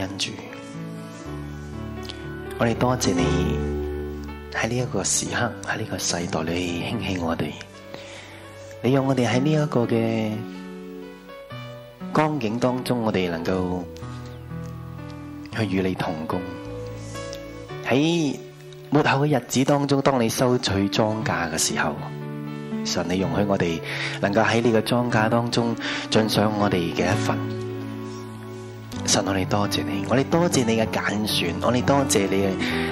恩主，我哋多謝你喺呢一個時刻喺呢個世代裏興起我哋，你讓我哋喺呢一個嘅光景當中，我哋能夠去與你同工。喺末後嘅日子當中，當你收取莊稼嘅時候，神你容許我哋能夠喺呢個莊稼當中盡上我哋嘅一份。我哋多謝你，我哋多謝你嘅揀選，我哋多謝你嘅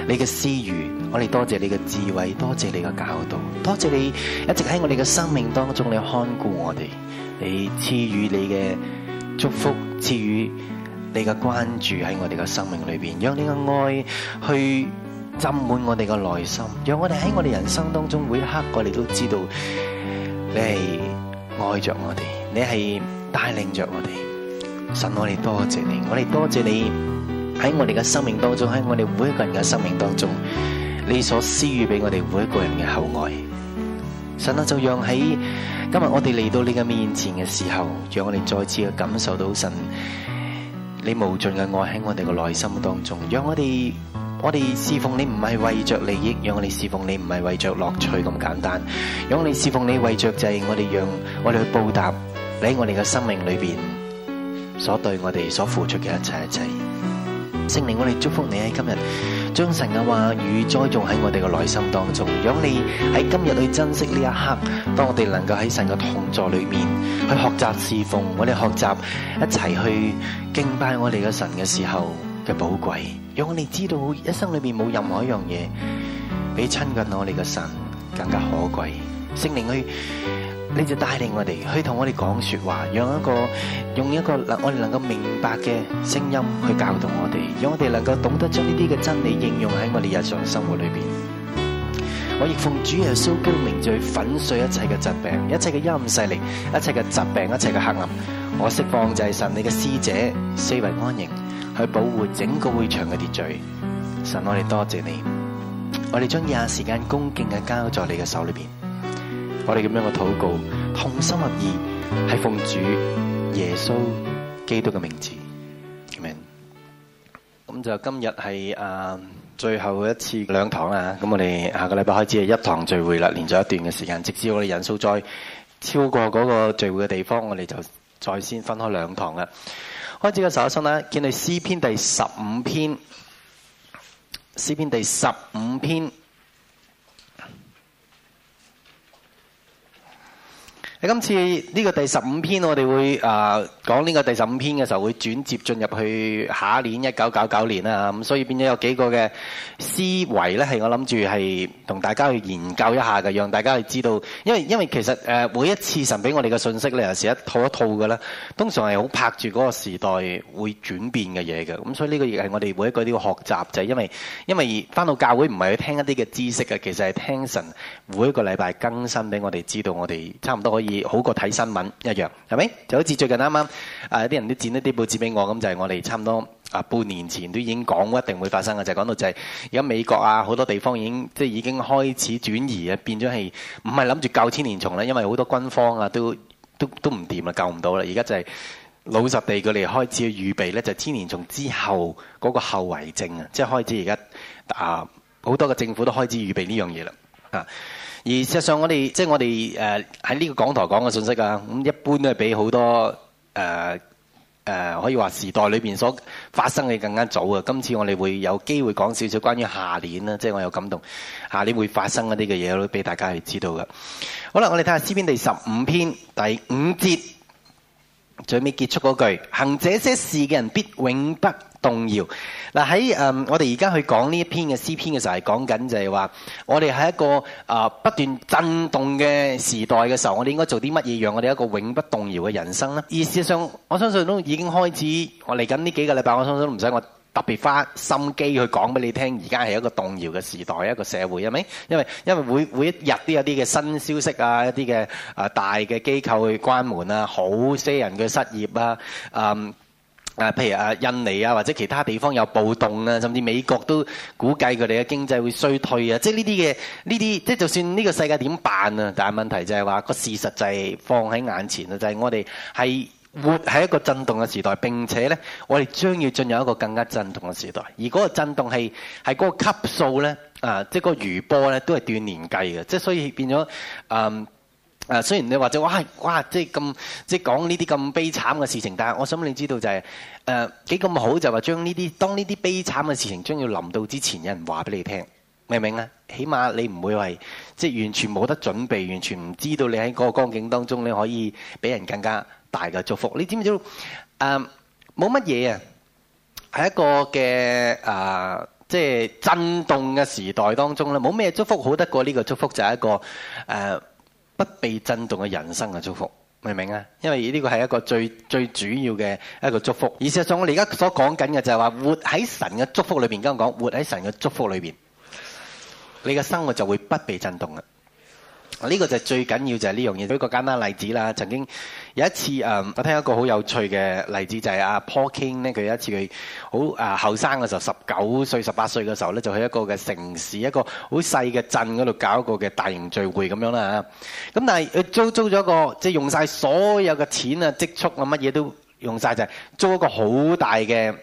你嘅施予，我哋多謝你嘅智慧，多謝你嘅教導，多謝你一直喺我哋嘅生命當中你看顧我哋，你賜予你嘅祝福，賜予你嘅關注喺我哋嘅生命裏邊，讓你嘅愛去浸滿我哋嘅內心，讓我哋喺我哋人生當中每一刻我哋都知道你係愛着我哋，你係帶領着我哋。神我哋多謝你，我哋多謝你喺我哋嘅生命當中，喺我哋每一個人嘅生命當中，你所施予俾我哋每一個人嘅厚愛。神啊，就讓喺今日我哋嚟到你嘅面前嘅時候，讓我哋再次嘅感受到神你無盡嘅愛喺我哋嘅內心當中。讓我哋，我哋侍奉你唔係為着利益，讓我哋侍奉你唔係為着樂趣咁簡單，讓我哋侍奉你為着就係我哋讓我哋去報答你喺我哋嘅生命裏邊所對我哋所付出嘅一切一切，聖靈，我哋祝福你喺今日，將神嘅話語栽種喺我哋嘅內心當中。讓你喺今日去珍惜呢一刻，當我哋能夠喺神嘅同座裏面去學習侍奉，我哋學習一齊去敬拜我哋嘅神嘅時候嘅寶貴。讓我哋知道一生裏面冇任何一樣嘢比親近我哋嘅神更加可貴。聖靈去。你就帶領我哋去同我哋講說話，用一個用一個我能我哋能夠明白嘅聲音去教導我哋，讓我哋能夠懂得將呢啲嘅真理應用喺我哋日常生活裏邊。我亦奉主耶穌基督名罪粉碎一切嘅疾病、一切嘅陰勢力、一切嘅疾病、一切嘅黑暗。我釋放就係神你嘅使者，四圍安營，去保護整個會場嘅秩序。神，我哋多謝你，我哋將廿時間恭敬嘅交在你嘅手裏邊。我哋咁樣嘅禱告，同心合意，係奉主耶穌基督嘅名字，咁就今日係誒最後一次兩堂啦。咁我哋下個禮拜開始係一堂聚會啦，連續一段嘅時間，直至我哋人數再超過嗰個聚會嘅地方，我哋就再先分開兩堂啦。開始嘅時候，一伸啦，見你詩篇第十五篇，詩篇第十五篇。今次呢個第十五篇，我哋會啊，呃講呢個第十五篇嘅時候，會轉接進入去下一年一九九九年啦，咁所以變咗有幾個嘅思維呢係我諗住係同大家去研究一下嘅，讓大家去知道，因為因為其實、呃、每一次神俾我哋嘅信息咧，係一套一套嘅啦，通常係好拍住嗰個時代會轉變嘅嘢嘅，咁所以呢個亦係我哋每一個都要學習就係、是、因為因為翻到教會唔係去聽一啲嘅知識嘅，其實係聽神每一個禮拜更新俾我哋知道，我哋差唔多可以好過睇新聞一樣，係咪？就好似最近啱啱。誒，有啲、啊、人都剪一啲報紙俾我，咁就係、是、我哋差唔多啊半年前都已經講一定會發生嘅，就係、是、講到就係而家美國啊，好多地方已經即係、就是、已經開始轉移啊，變咗係唔係諗住救千年蟲咧？因為好多軍方啊都都都唔掂啦，救唔到啦。而家就係、是、老實地，佢哋開始去預備咧，就是、千年蟲之後嗰個後遺症、就是、啊，即係開始而家啊，好多嘅政府都開始預備呢樣嘢啦。啊，而事實上我哋即係我哋誒喺呢個港台講嘅信息啊，咁一般都係俾好多。誒誒、呃呃，可以話時代裏邊所發生嘅更加早啊！今次我哋會有機會講少少關於下年啦，即係我有感動，下年會發生一啲嘅嘢都俾大家去知道噶。好啦，我哋睇下詩篇第十五篇第五節，最尾結束嗰句：行這些事嘅人必永不。動搖嗱喺誒我哋而家去講呢一篇嘅詩篇嘅時候，係講緊就係話，我哋喺一個啊不斷震動嘅時代嘅時候，我哋應該做啲乜嘢，讓我哋一個永不動搖嘅人生呢？而事實上，我相信都已經開始，我嚟緊呢幾個禮拜，我相信都唔使我特別花心機去講俾你聽。而家係一個動搖嘅時代，一個社會，係咪？因為因為會會一日有一啲嘅新消息啊，一啲嘅啊大嘅機構去關門啊，好些人嘅失業啊，嗯。啊，譬如啊，印尼啊，或者其他地方有暴動啊，甚至美國都估計佢哋嘅經濟會衰退啊，啊即係呢啲嘅，呢啲即係就算呢個世界點辦啊，但係問題就係話個事實就係放喺眼前啦，就係、是、我哋係活喺一個震動嘅時代，並且呢，我哋將要進入一個更加震動嘅時代，而嗰個震動係係嗰個級數呢，啊，即係個餘波呢都係斷年計嘅，即係所以變咗啊。嗯。啊，雖然你或者哇哇，即係咁，即係講呢啲咁悲慘嘅事情，但係我想你知道就係，誒幾咁好就話將呢啲，當呢啲悲慘嘅事情將要臨到之前，有人話俾你聽，明唔明啊？起碼你唔會話即係完全冇得準備，完全唔知道你喺個光景當中，你可以俾人更加大嘅祝福。你知唔知道？誒，冇乜嘢啊，喺一個嘅啊，即係震動嘅時代當中啦，冇咩祝福好得過呢個祝福，就係一個誒。呃不被震動嘅人生嘅祝福，明唔明啊？因為呢個係一個最最主要嘅一個祝福。而事實上，我哋而家所講緊嘅就係話，活喺神嘅祝福裏邊。跟我講，活喺神嘅祝福裏邊，你嘅生活就會不被震動啊！呢個就係最緊要，就係呢樣嘢。舉個簡單例子啦，曾經。有一次，誒，我聽一個好有趣嘅例子，就係阿 Paul King 咧。佢有一次佢好誒後生嘅時候，十九歲，十八歲嘅時候咧，就去一個嘅城市，一個好細嘅鎮嗰度搞一個嘅大型聚會咁樣啦嚇。咁但係佢租租咗一個，即係用晒所有嘅錢啊，積蓄啊，乜嘢都用晒，就係租一個好大嘅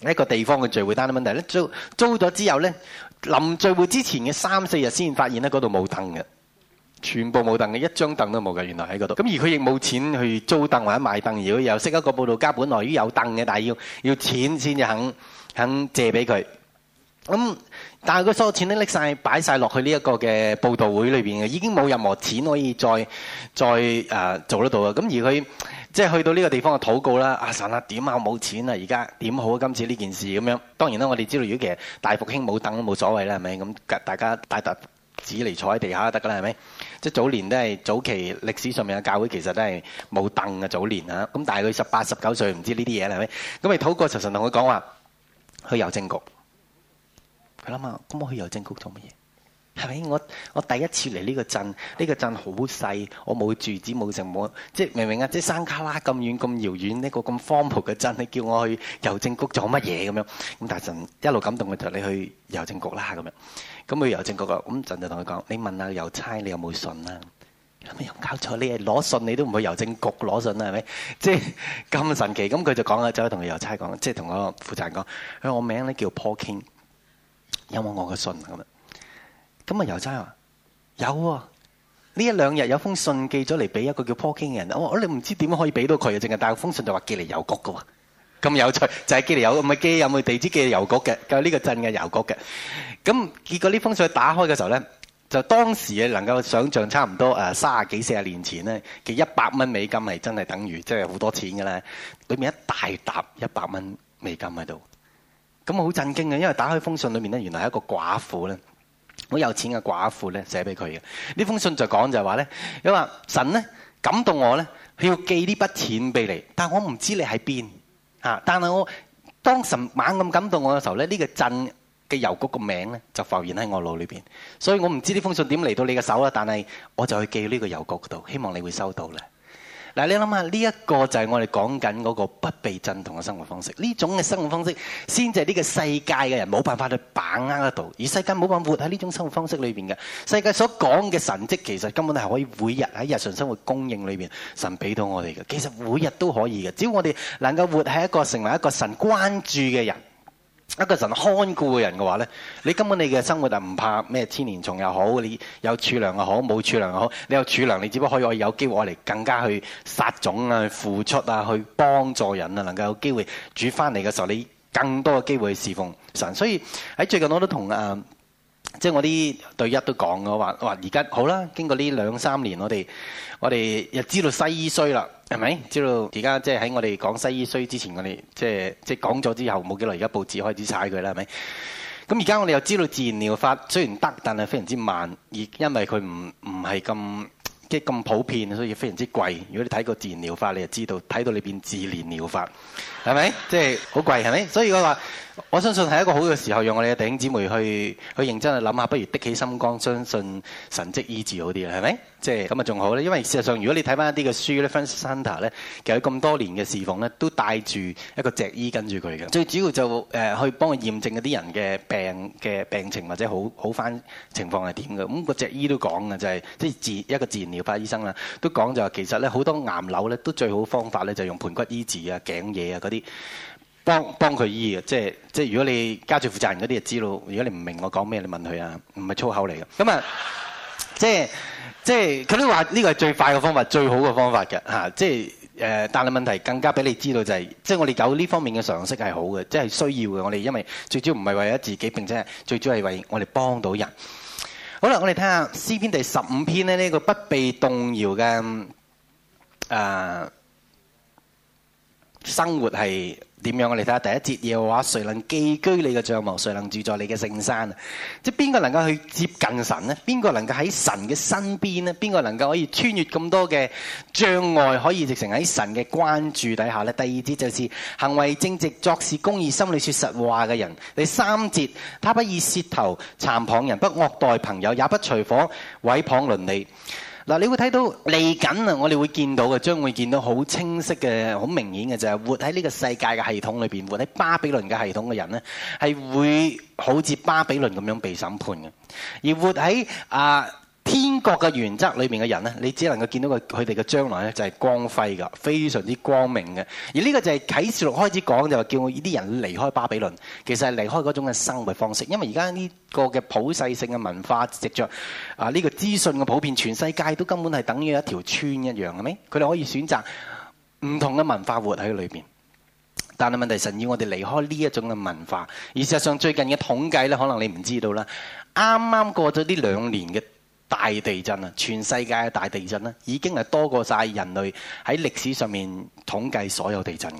一個地方嘅聚會。但問題咧，租租咗之後咧，臨聚會之前嘅三四日先發現咧，嗰度冇凳嘅。全部冇凳嘅，一張凳都冇嘅。原來喺嗰度，咁而佢亦冇錢去租凳或者買凳。而佢又識一個報道家，本來於有凳嘅，但係要要錢先至肯肯借俾佢。咁、嗯、但係佢所有錢咧，拎晒擺晒落去呢一個嘅報道會裏邊嘅，已經冇任何錢可以再再誒、呃、做得到啊！咁而佢即係去到呢個地方嘅禱告啦，阿、啊、神啊，點啊，冇錢啊，而家點好啊？今次呢件事咁樣，當然啦，我哋知道，如果其實大復興冇凳都冇所謂啦，係咪咁？大家帶沓紙嚟坐喺地下得㗎啦，係咪？即係早年都係早期歷史上面嘅教會，其實都係冇凳嘅早年啊！咁但係佢十八、十九歲，唔知呢啲嘢啦，係咪？咁咪透過神神同佢講話去郵政局。佢諗下，咁我去郵政局做乜嘢？係咪？我我第一次嚟呢個鎮，呢個鎮好細，我冇住址，冇成冇，即係明明啊？即係山卡拉咁遠咁遙遠呢個咁荒蕪嘅鎮，你叫我去郵政局做乜嘢咁樣？咁但係神一路感動佢，就你去郵政局啦咁樣。咁去郵政局啊，咁陣就同佢講：你問下郵差，你有冇信啊？咁又搞錯，你係攞信，你都唔去郵政局攞信啦，係咪？即係咁神奇，咁佢就講啦，走去同個郵差講，即係同個負責人講：佢我名咧叫 Paul King，有冇我嘅信啊？咁啊，咁啊郵差話有喎，呢一兩日有封信寄咗嚟俾一個叫 Paul King 嘅人，我我你唔知點樣可以俾到佢啊？淨係帶封信就話寄嚟郵局㗎喎。咁有趣就係唔係寄嚟有咁嘅寄有冇地址寄郵局嘅，喺呢個鎮嘅郵局嘅。咁結果呢封信打開嘅時候咧，就當時嘅能夠想像差唔多三十幾四十年前咧，寄一百蚊美金係真係等於即係好多錢嘅啦。裏面一大沓一百蚊美金喺度，咁我好震驚嘅，因為打開封信裏面咧，原來係一個寡婦咧，好有錢嘅寡婦咧寫俾佢嘅。呢封信就講就係話咧，因為神咧感動我咧，佢要寄呢筆錢俾你，但我唔知你喺邊。但係我當神猛咁感動我嘅時候咧，呢、呢個鎮嘅郵局個名咧就浮現喺我腦裏邊，所以我唔知呢封信點嚟到你嘅手啦。但係我就去寄呢個郵局嗰度，希望你會收到咧。嗱，你諗下，呢一個就係我哋講緊嗰個不被震動嘅生活方式。呢種嘅生活方式，先至係呢個世界嘅人冇辦法去把握得到，而世界冇辦法活喺呢種生活方式裏面嘅。世界所講嘅神蹟，其實根本係可以每日喺日常生活供應裏面，神俾到我哋嘅。其實每日都可以嘅，只要我哋能夠活喺一個成為一個神關注嘅人。一個神看顧嘅人嘅話呢，你根本你嘅生活就唔怕咩千年蟲又好，你有儲糧又好，冇儲糧又好，你有儲糧，你只不過可以有機會嚟更加去撒種啊、付出啊、去幫助人啊，能夠有機會煮翻嚟嘅時候，你更多嘅機會去侍奉神。所以喺最近我都同、呃、即係我啲對一都講我話，話而家好啦，經過呢兩三年我哋。我哋又知道西醫衰啦，係咪？知道而家即係喺我哋講西醫衰之前我、就是，我哋即係即係講咗之後冇幾耐，而家報紙開始踩佢啦，係咪？咁而家我哋又知道自然療法雖然得，但係非常之慢，而因為佢唔唔係咁即係咁普遍，所以非常之貴。如果你睇過自然療法，你就知道睇到裏面自然療法係咪？即係好貴係咪？所以我話。我相信係一個好嘅時候，讓我哋嘅弟兄姊妹去去認真去諗下，不如的起心肝，相信神蹟醫治好啲啦，係咪？即係咁啊，仲好咧。因為事實上，如果你睇翻一啲嘅書咧，Francis Hunter 咧，其實佢咁多年嘅侍奉咧，都帶住一個脊醫跟住佢嘅。最主要就誒、是呃、去幫佢驗證嗰啲人嘅病嘅病情或者好好翻情況係點嘅。咁個脊醫都講嘅就係即係自一個自然療法醫生啦，都講就話、是、其實咧好多癌瘤咧都最好的方法咧就用盤骨醫治啊、頸嘢啊嗰啲。幫幫佢醫嘅，即係即係如果你家最負責人嗰啲就知道，如果你唔明我講咩，你問佢啊，唔係粗口嚟嘅。咁啊，即係即係佢都話呢個係最快嘅方法，最好嘅方法嘅、啊、即係、呃、但係問題更加俾你知道就係、是，即係我哋有呢方面嘅常識係好嘅，即係需要嘅。我哋因為最主要唔係為咗自己，並且係最主要係為我哋幫到人。好啦，我哋睇下詩篇第十五篇呢、呢個不被動搖嘅誒生活係。點樣，我哋睇下第一節嘅話，說誰能寄居你嘅帳幕，誰能住在你嘅聖山？即係邊個能夠去接近神咧？邊個能夠喺神嘅身邊咧？邊個能夠可以穿越咁多嘅障礙，可以直情喺神嘅關注底下咧？第二節，就是行為正直、作事公義、心裏説實話嘅人。第三節，他不以舌頭讒謗人，不惡待朋友，也不隨夥毀謗鄰里。嗱，你會睇到嚟緊啊！我哋會見到嘅，將會見到好清晰嘅、好明顯嘅，就係活喺呢個世界嘅系統裏面。活喺巴比倫嘅系統嘅人呢，係會好似巴比倫咁樣被審判嘅，而活喺啊，呃天國嘅原則裏面嘅人呢，你只能夠見到佢佢哋嘅將來呢，就係光輝㗎，非常之光明嘅。而呢個就係啟示錄開始講就係叫我呢啲人離開巴比倫，其實係離開嗰種嘅生活方式。因為而家呢個嘅普世性嘅文化藉着啊呢個資訊嘅普遍，全世界都根本係等於一條村一樣，係咪？佢哋可以選擇唔同嘅文化活喺裏面。但係問題是神要我哋離開呢一種嘅文化。而事實上最近嘅統計呢，可能你唔知道啦，啱啱過咗呢兩年嘅。大地震啊！全世界嘅大地震咧，已經係多過晒人類喺歷史上面統計所有地震。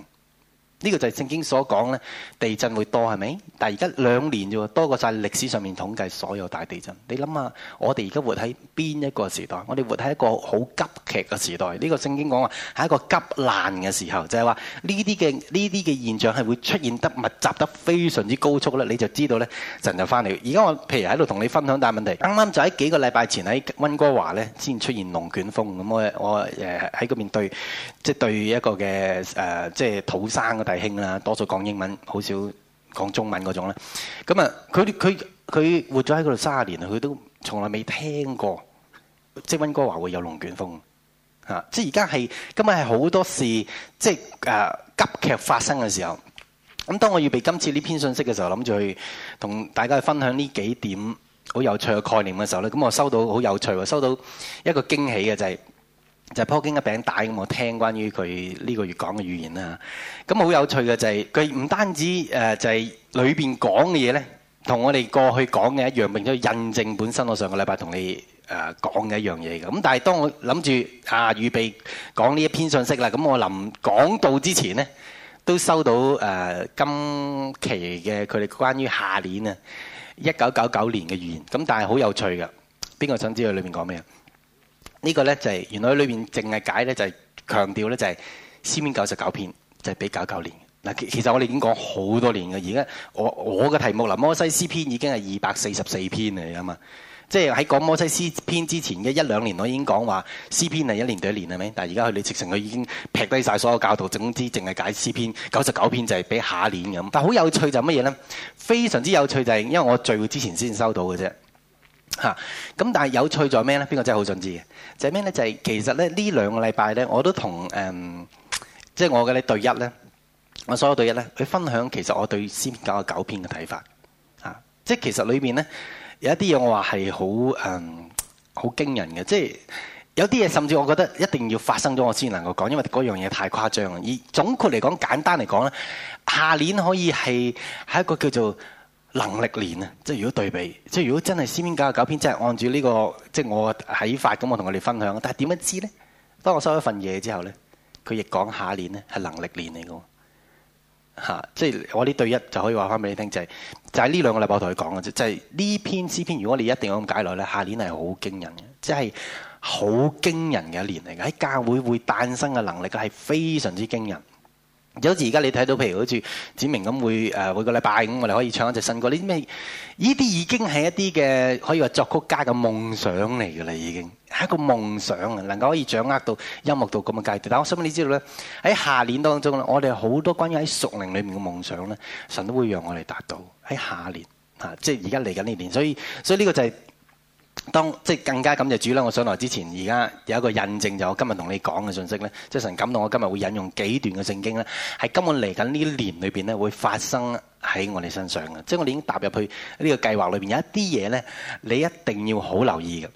呢個就係聖經所講咧，地震會多係咪？但係而家兩年啫，多過晒歷史上面統計所有大地震。你諗下，我哋而家活喺邊一個時代？我哋活喺一個好急劇嘅時代。呢個聖經講話係一個急難嘅時候，就係話呢啲嘅呢啲嘅現象係會出現得密集得非常之高速咧，你就知道咧陣就返嚟。而家我譬如喺度同你分享大問題，啱啱就喺幾個禮拜前喺温哥華咧先出現龍捲風咁啊！我誒喺嗰邊對，即係對一個嘅誒，即係土生嘅大。大啦，多數講英文，好少講中文嗰種咧。咁啊，佢佢佢活咗喺嗰度三十年，佢都從來未聽過，即係溫哥華會有龍捲風吓、啊。即係而家係，今日係好多事，即係誒、啊、急劇發生嘅時候。咁當我預備今次呢篇信息嘅時候，諗住去同大家去分享呢幾點好有趣嘅概念嘅時候咧，咁我收到好有趣，收到一個驚喜嘅就係、是。就破堅嘅餅帶咁，我聽關於佢呢個月講嘅預言啦。咁好有趣嘅就係佢唔單止誒，就係裏邊講嘅嘢咧，同我哋過去講嘅一樣，並且印證本身。我上個禮拜同你誒講嘅一樣嘢嘅。咁但係當我諗住啊，預備講呢一篇信息啦，咁我臨講道之前咧，都收到誒今期嘅佢哋關於下年啊一九九九年嘅預言。咁但係好有趣嘅，邊個想知道裏邊講咩啊？呢個呢就係原來喺裏邊淨係解呢，就係強調呢，就係詩篇九十九篇就係俾九九年。嗱，其實我哋已經講好多年嘅，而家我我嘅題目啦，摩西詩篇已經係二百四十四篇嚟啊嘛，即係喺講摩西詩篇之前嘅一兩年，我已經講話詩篇係一年對一年係咪？但係而家佢哋直情佢已經劈低晒所有教導，總之淨係解詩篇九十九篇就係俾下年咁。但係好有趣就係乜嘢呢？非常之有趣就係因為我聚會之前先收到嘅啫嚇咁，但係有趣在咩呢？邊個真係好想知嘅？就係咩咧？就係其實咧，這兩呢兩個禮拜咧，我都同誒，即、嗯、係、就是、我嘅咧對一咧，我所有對一咧，去分享其實我對《詩篇》九十九篇嘅睇法。啊、嗯，即係其實裏邊咧有一啲嘢，我話係好誒好驚人嘅。即、就、係、是、有啲嘢，甚至我覺得一定要發生咗，我先能夠講，因為嗰樣嘢太誇張。而總括嚟講，簡單嚟講咧，下年可以係係一個叫做。能力年啊，即係如果對比，即係如果真係詩篇九十九篇，真係按住呢、這個，即、就、係、是、我喺法咁，我同佢哋分享。但係點樣知道呢？當我收咗份嘢之後呢，佢亦講下年咧係能力年嚟嘅，嚇！即係我呢對一就可以話翻俾你聽，就係就係呢兩個禮拜我同佢講嘅啫，就係、是、呢、就是、篇詩篇，如果你一定要咁解落咧，下年係好驚人嘅，即係好驚人嘅一年嚟嘅，喺教會會誕生嘅能力係非常之驚人。好似而家你睇到，譬如好似子明咁，會、呃、誒每個禮拜五我哋可以唱一隻新歌。呢咩？呢啲已經係一啲嘅可以話作曲家嘅夢想嚟嘅啦，已經係一個夢想啊！能夠可以掌握到音樂到咁嘅階段。但我想問你知道咧，喺下年當中咧，我哋好多關於喺屬靈裏面嘅夢想咧，神都會讓我哋達到喺下年嚇，即係而家嚟緊呢年。所以所以呢個就係、是。當即更加感謝主啦。我上嚟之前而家有一個印證，就我今日同你講嘅信息咧，即係神感動我今日會引用幾段嘅聖經咧，係根本嚟緊呢年裏邊咧會發生喺我哋身上嘅，即係我哋已經踏入去呢個計劃裏邊，有一啲嘢咧你一定要好留意嘅。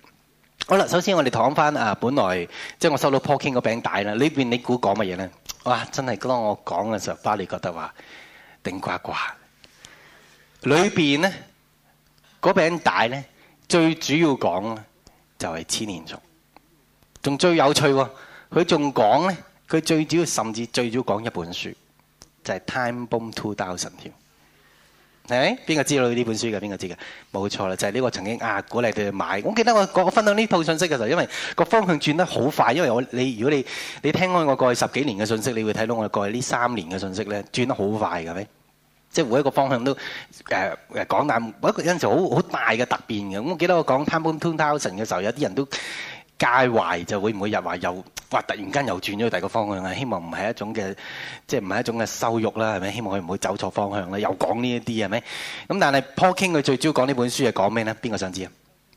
好啦，首先我哋講翻啊，本來即係我收到 Parker 個餅帶啦，裏邊你估講乜嘢咧？哇！真係當我講嘅時候，巴利覺得話頂呱呱。裏邊咧，嗰餅帶咧。最主要講咧，就係千年蟲。仲最有趣喎，佢仲講咧，佢最主要甚至最早講一本書，就係《Time Bomb 2000》。係咪？邊個知道呢本書嘅？邊個知嘅？冇錯啦，就係呢個曾經啊鼓勵佢買。我記得我講分享呢套信息嘅時候，因為個方向轉得好快，因為我你如果你你聽開我過去十幾年嘅信息，你會睇到我過去呢三年嘅信息咧，轉得好快嘅咩？即係每一個方向都誒誒講，但係有一個因素好好大嘅突變嘅。咁我記得我講《Time for Introspection》嘅時候，有啲人都介懷，就會唔會又話又話突然間又轉咗去第二個方向啊？希望唔係一種嘅，即係唔係一種嘅羞辱啦，係咪？希望佢唔會走錯方向咧。又講呢一啲係咪？咁但係 Paul King 佢最主要講呢本書係講咩咧？邊個想知啊？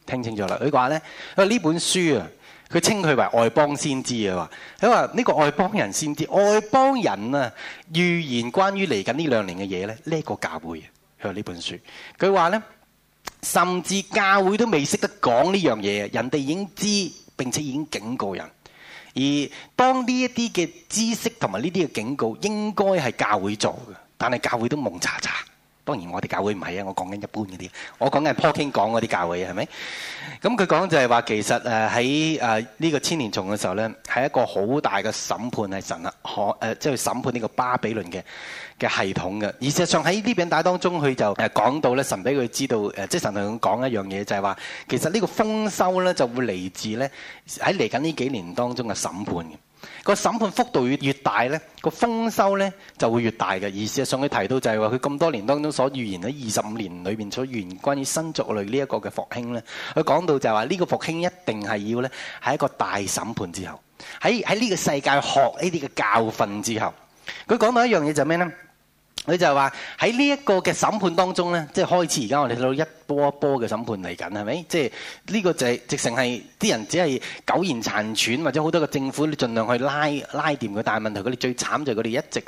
聽清楚啦，佢話咧，呢本書啊。佢稱佢為外邦先知啊，話佢話呢個外邦人先知，外邦人啊預言關於嚟緊呢兩年嘅嘢咧，呢個教會啊，佢話呢本書，佢話咧，甚至教會都未識得講呢樣嘢，人哋已經知並且已經警告人，而當呢一啲嘅知識同埋呢啲嘅警告應該係教會做嘅，但係教會都蒙查查。當然我哋教會唔係啊，我講緊一般嗰啲，我講緊 Paul King 講嗰啲教會啊，係咪？咁佢講就係話，其實誒喺誒呢個千年蟲嘅時候咧，係一個好大嘅審判係神啊，可誒即係審判呢個巴比倫嘅嘅系統嘅。而事實際上喺呢邊帶當中，佢就誒講到咧，神俾佢知道誒，即係神同佢講一樣嘢，就係話其實呢個豐收咧就會嚟自咧喺嚟緊呢幾年當中嘅審判。個審判幅度越越大呢，個豐收呢就會越大嘅。而事實上佢提到就係話，佢咁多年當中所預言喺二十五年裏面所預言關於新族類呢一個嘅復興呢，佢講到就係話呢個復興一定係要呢，係一個大審判之後，喺喺呢個世界學呢啲嘅教訓之後，佢講到一樣嘢就係咩呢？佢就係話喺呢一個嘅審判當中咧，即係開始而家我哋睇到一波一波嘅審判嚟緊，係咪？即係呢、這個就係、是、直情係啲人只係苟延殘喘，或者好多嘅政府你盡量去拉拉掂佢，但係問題佢哋最慘就係佢哋一直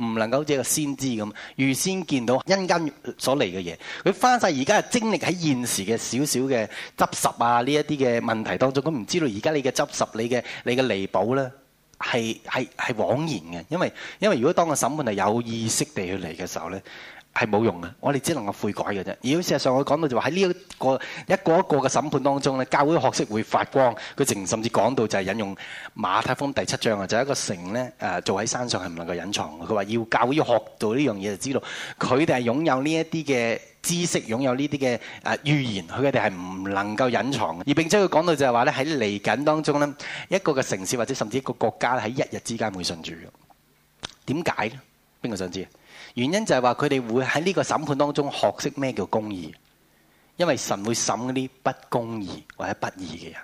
唔能夠好似個先知咁預先見到人間所嚟嘅嘢。佢花晒而家嘅精力喺現時嘅少少嘅執拾啊呢一啲嘅問題當中，佢唔知道而家你嘅執拾你嘅你嘅彌補咧。係係係枉然嘅，因為因為如果當個審判係有意識地去嚟嘅時候咧。係冇用嘅，我哋只能夠悔改嘅啫。而事實上，我講到就話喺呢一個一個一個嘅審判當中咧，教會學識會發光。佢直甚至講到就係引用馬太福音第七章啊，就係、一個城咧誒，做、呃、喺山上係唔能夠隱藏嘅。佢話要教會要學到呢樣嘢就知道，佢哋係擁有呢一啲嘅知識，擁有呢啲嘅誒預言，佢哋係唔能夠隱藏。而並且佢講到就係話咧，喺嚟緊當中咧，一個嘅城市或者甚至一個國家喺一日之間會順住。點解咧？邊個想知？原因就係話佢哋會喺呢個審判當中學識咩叫公義，因為神會審嗰啲不公義或者不義嘅人，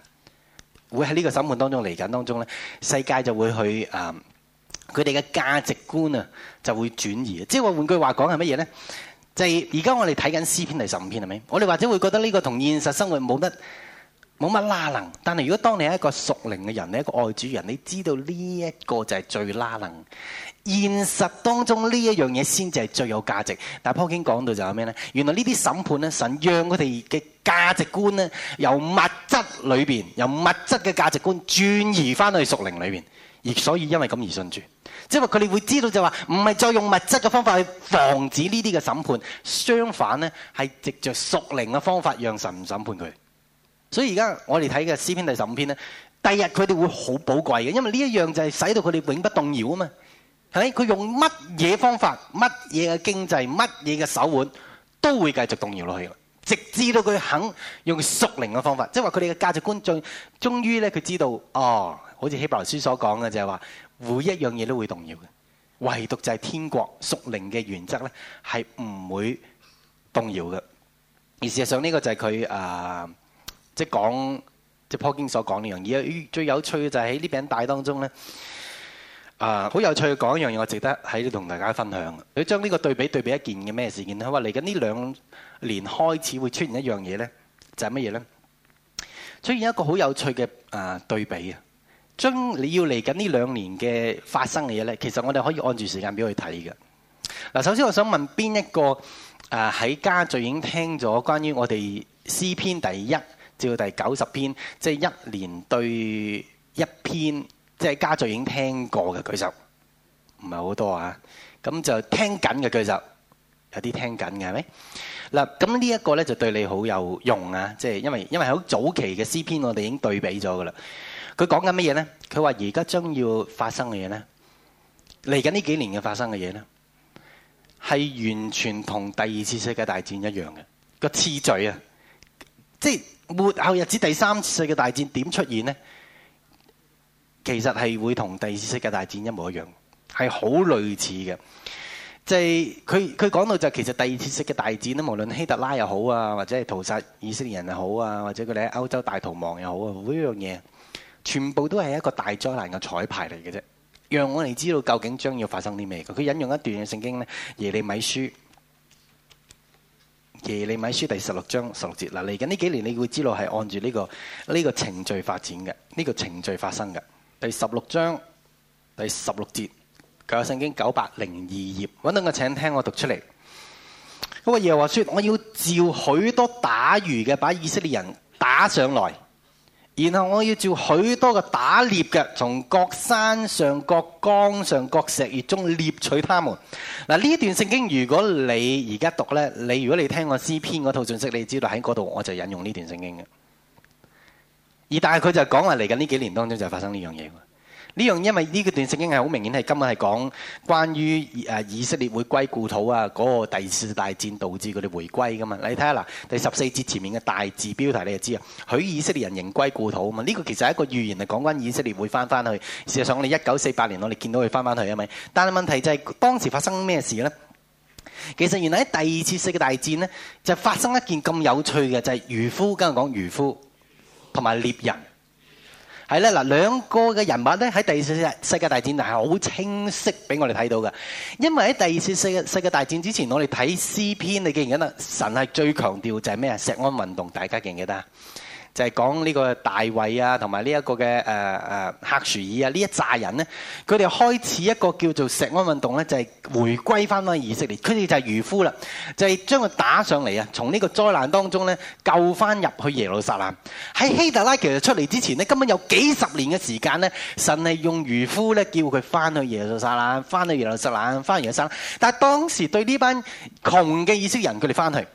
會喺呢個審判當中嚟緊當中咧，世界就會去，誒佢哋嘅價值觀啊就會轉移，即係我換句話講係乜嘢咧？就係而家我哋睇緊詩篇第十五篇係咪？我哋或者會覺得呢個同現實生活冇得冇乜拉能，但係如果當你係一個熟靈嘅人，你一個愛主人，你知道呢一個就係最拉能。現實當中呢一樣嘢先至係最有價值，但係坡堅講到就係咩呢？原來呢啲審判咧，神讓佢哋嘅價值觀咧，由物質裏邊，由物質嘅價值觀轉移翻去屬靈裏邊，而所以因為咁而信主，即係話佢哋會知道就話唔係再用物質嘅方法去防止呢啲嘅審判，相反呢係藉着屬靈嘅方法讓神唔審判佢。所以而家我哋睇嘅詩篇第十五篇呢，第日佢哋會好寶貴嘅，因為呢一樣就係使到佢哋永不動搖啊嘛。係佢用乜嘢方法、乜嘢嘅經濟、乜嘢嘅手腕，都會繼續動搖落去，直至到佢肯用屬靈嘅方法，即係話佢哋嘅價值觀最終於咧，佢知道哦，好似希伯來書所講嘅就係話，每一樣嘢都會動搖嘅，唯獨就係天國屬靈嘅原則咧，係唔會動搖嘅。而事實上呢個就係佢誒，即係講即係普京所講呢樣嘢。最有趣嘅就喺呢餅帶當中咧。啊，好有趣！講一樣嘢，我值得喺度同大家分享。你將呢個對比對比一件嘅咩事件咧？我話嚟緊呢兩年開始會出現一樣嘢呢，就係乜嘢呢？出現一個好有趣嘅啊對比啊！將你要嚟緊呢兩年嘅發生嘅嘢呢，其實我哋可以按住時間表去睇嘅。嗱、啊，首先我想問邊一個啊？喺家就已經聽咗關於我哋詩篇第一至到第九十篇，即係一年對一篇。即係家在已經聽過嘅舉手，唔係好多啊。咁就聽緊嘅舉手，有啲聽緊嘅係咪？嗱，咁呢一個咧就對你好有用啊！即係因為因為好早期嘅詩篇，我哋已經對比咗㗎喇。佢講緊乜嘢咧？佢話而家將要發生嘅嘢咧，嚟緊呢幾年嘅發生嘅嘢咧，係完全同第二次世界大戰一樣嘅個次序啊！即係末後日子第三次世界大戰點出現咧？其實係會同第二次世界大戰一模一樣，係好類似嘅。就係佢佢講到就其實第二次世界大戰咧，無論希特拉又好啊，或者係屠殺以色列人又好啊，或者佢哋喺歐洲大逃亡又好啊，呢樣嘢全部都係一個大災難嘅彩排嚟嘅啫，讓我哋知道究竟將要發生啲咩。佢引用一段嘅聖經咧，《耶利米書》《耶利米書》第十六章十六節嗱。嚟緊呢幾年，你會知道係按住呢個呢個程序發展嘅，呢個程序發生嘅。第十六章第十六節，佢喺聖經九百零二頁，穩到我請聽我讀出嚟。咁啊，耶和華說：我要召許多打魚嘅，把以色列人打上來；然後我要召許多嘅打獵嘅，從各山上、各江上、各石穴中獵取他們。嗱，呢段聖經如果你而家讀呢，你如果你聽我詩篇嗰套信息，你知道喺嗰度，我就引用呢段聖經嘅。而但係佢就講話嚟緊呢幾年當中就發生呢樣嘢。呢樣因為呢個段聖經係好明顯係今日係講關於以色列會歸故土啊，嗰個第二次大戰導致佢哋回歸噶嘛。你睇下嗱，第十四節前面嘅大字標題你就知啊，許以色列人仍歸故土啊嘛。呢個其實係一個預言嚟講，關以色列會翻翻去。事實上，我哋一九四八年我哋見到佢翻翻去係咪？但係問題就係當時發生咩事呢？其實原來喺第二次世界大戰呢，就發生一件咁有趣嘅，就係漁夫今日講漁夫。同埋獵人，係啦嗱，兩個嘅人物咧，喺第二次世界大戰係好清晰俾我哋睇到嘅，因為喺第二次世世界大戰之前，我哋睇詩篇，你記唔記得？神係最強調就係咩啊？錫安運動，大家記唔記得啊？就係講呢個大衛啊，同埋呢一個嘅誒誒黑鼠耳啊，呢一揸人呢？佢哋開始一個叫做錫安運動呢，就係回歸翻去以色列。佢哋就係漁夫啦，就係將佢打上嚟啊！從呢個災難當中呢，救翻入去耶路撒冷。喺希特拉其實出嚟之前呢，根本有幾十年嘅時間呢，神係用漁夫呢，叫佢翻去耶路撒冷，翻去耶路撒冷，翻去耶路撒冷。但係當時對呢班窮嘅意色人，佢哋翻去。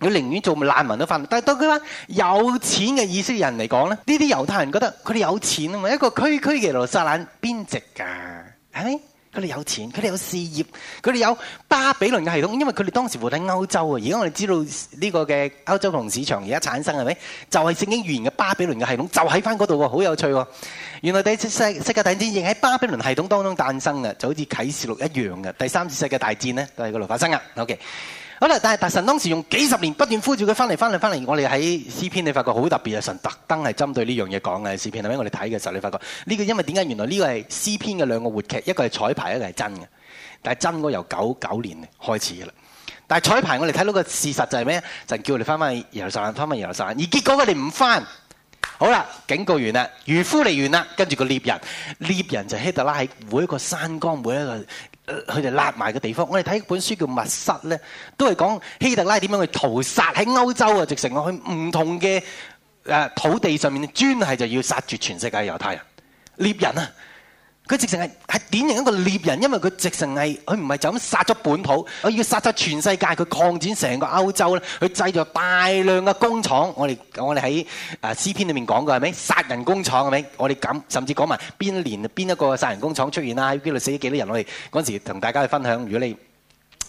佢寧願做難民都翻，但係對佢班有錢嘅以色列人嚟講咧，呢啲猶太人覺得佢哋有錢啊嘛，一個區區嘅羅塞蘭邊值㗎，係咪、啊？佢哋有錢，佢哋有事業，佢哋有巴比倫嘅系統，因為佢哋當時活喺歐洲啊。而家我哋知道呢個嘅歐洲同市場而家產生係咪？就係、是、聖經預言嘅巴比倫嘅系統，就喺翻嗰度喎，好有趣喎、哦。原來第一次世界大戰已經喺巴比倫系統當中誕生嘅，就好似啟示錄一樣嘅。第三次世界大戰呢，都喺嗰度發生啊 OK。好但係大神當時用幾十年不斷呼召佢翻嚟翻嚟翻嚟，我哋喺詩篇你發覺好特別啊！神特登係針對呢樣嘢講嘅詩篇，後尾我哋睇嘅時候你發覺呢個因為點解？原來呢個係詩篇嘅兩個話劇，一個係彩排，一個係真嘅。但係真嗰由九九年開始噶啦。但係彩排我哋睇到個事實就係咩？就叫我哋翻翻去，然後散翻翻，然後散。而結果佢哋唔翻。好啦，警告完啦，漁夫嚟完啦，跟住個獵人，獵人就希特拉喺每一個山崗、每一個佢哋立埋嘅地方。我哋睇一本書叫《密室》咧，都係講希特拉點樣去屠殺喺歐洲啊，直成我去唔同嘅、啊、土地上面，專係就要殺絕全世界嘅猶太人，獵人啊！佢直情係係典型一個獵人，因為佢直情係佢唔係就咁殺咗本土，佢要殺咗全世界，佢擴展成個歐洲咧，佢製造大量嘅工廠。我哋我哋喺詩篇裏面講過係咪殺人工廠係咪？我哋講甚至講埋邊年邊一個殺人工廠出現啦？喺邊度死幾多人？我哋嗰陣時同大家去分享。如果你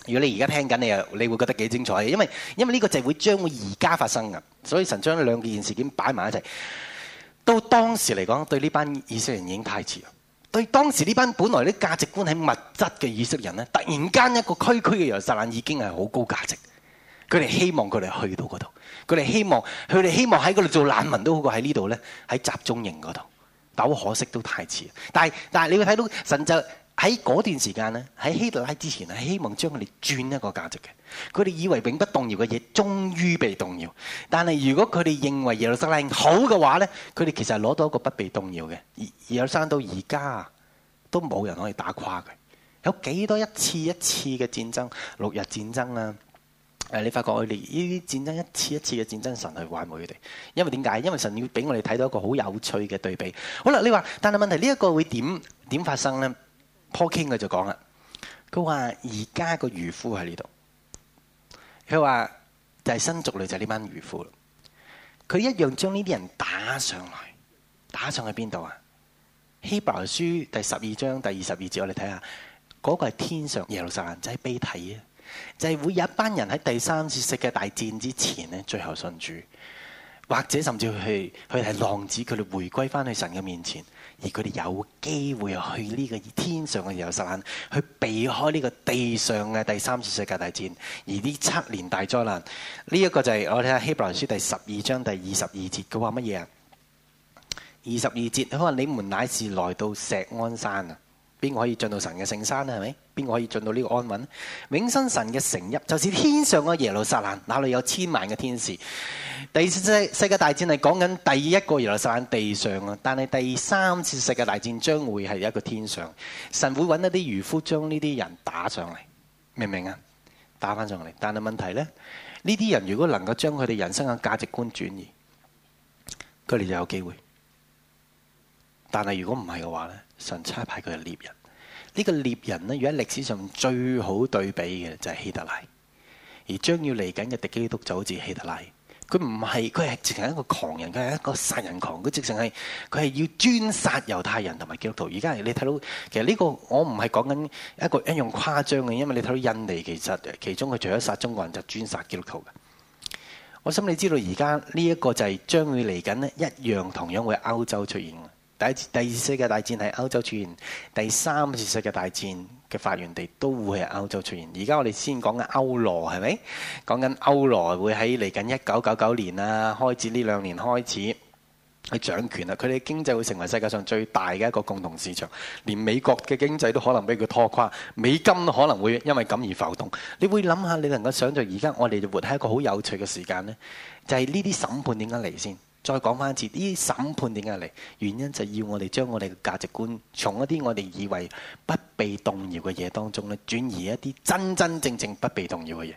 如果你而家聽緊，你又你會覺得幾精彩嘅，因為因為呢個就係會將會而家發生嘅，所以神將兩件事件擺埋一齊。到當時嚟講，對呢班以色列人已經太遲啦。對當時呢班本來啲價值觀係物質嘅以色列人咧，突然間一個區區嘅耶路撒冷已經係好高價值，佢哋希望佢哋去到嗰度，佢哋希望佢哋希望喺嗰度做難民都好過喺呢度咧，喺集中營嗰度，但好可惜都太遲。但係但係你會睇到神就喺嗰段時間咧，喺希特拉之前係希望將佢哋轉一個價值嘅。佢哋以為永不動搖嘅嘢，終於被動搖。但係如果佢哋認為耶路撒冷好嘅話呢，佢哋其實係攞到一個不被動搖嘅。耶路撒冷到而家，都冇人可以打垮佢。有幾多一次一次嘅戰爭，六日戰爭啊！誒，你發覺佢哋呢啲戰爭一次一次嘅戰爭，神去挽回佢哋。因為點解？因為神要俾我哋睇到一個好有趣嘅對比。好啦，你話，但係問題呢一個會點點發生呢？Paul King 佢就講啦，佢話而家個漁夫喺呢度。佢話就係、是、新族女就呢、是、班漁夫，佢一樣將呢啲人打上來，打上去邊度啊？希伯來書第十二章第二十二節，我哋睇下，嗰、那個係天上耶路撒冷仔悲體啊！就係、是、會有一班人喺第三次世界大戰之前咧，最後信主，或者甚至佢佢係浪子，佢哋回歸翻去神嘅面前。而佢哋有機會去呢個天上嘅油石山，去避開呢個地上嘅第三次世界大戰，而呢七年大災難。呢、這、一個就係、是、我睇下希伯來書第十二章第二十二節，佢話乜嘢啊？二十二節可能你們乃是來到錫安山啊。邊個可以進到神嘅聖山咧？係咪？邊個可以進到呢個安穩？永生神嘅城邑，就是天上嘅耶路撒冷，那裡有千萬嘅天使。第二次世界大戰係講緊第一個耶路撒冷地上啊，但係第三次世界大戰將會係一個天上，神會揾一啲漁夫將呢啲人打上嚟，明唔明啊？打返上嚟，但係問題呢，呢啲人如果能夠將佢哋人生嘅價值觀轉移，佢哋就有機會。但係如果唔係嘅話呢？神差派佢係獵人，呢、這個獵人呢，如果歷史上最好對比嘅就係、是、希特拉，而將要嚟緊嘅敵基督就好似希特拉，佢唔係佢係直情係一個狂人，佢係一個殺人狂，佢直情係佢係要專殺猶太人同埋基督徒。而家你睇到其實呢個我唔係講緊一個一樣誇張嘅，因為你睇到印尼其實其中佢除咗殺中國人就專殺基督徒嘅。我心裏知道而家呢一個就係將要嚟緊咧，一樣同樣會喺歐洲出現的。第一次、第二次世界大戰喺歐洲出現，第三次世界大戰嘅發源地都會喺歐洲出現。而家我哋先講緊歐羅，係咪？講緊歐羅會喺嚟緊一九九九年啊，開始呢兩年開始去掌權啊。佢哋經濟會成為世界上最大嘅一個共同市場，連美國嘅經濟都可能俾佢拖垮，美金可能會因為咁而浮動。你會諗下，你能夠想像而家我哋就活喺一個好有趣嘅時間呢？就係呢啲審判點解嚟先？再講翻一次，呢審判點解嚟？原因就係要我哋將我哋嘅價值觀從一啲我哋以為不被動搖嘅嘢當中咧，轉移一啲真真正，正正不被動搖嘅嘢。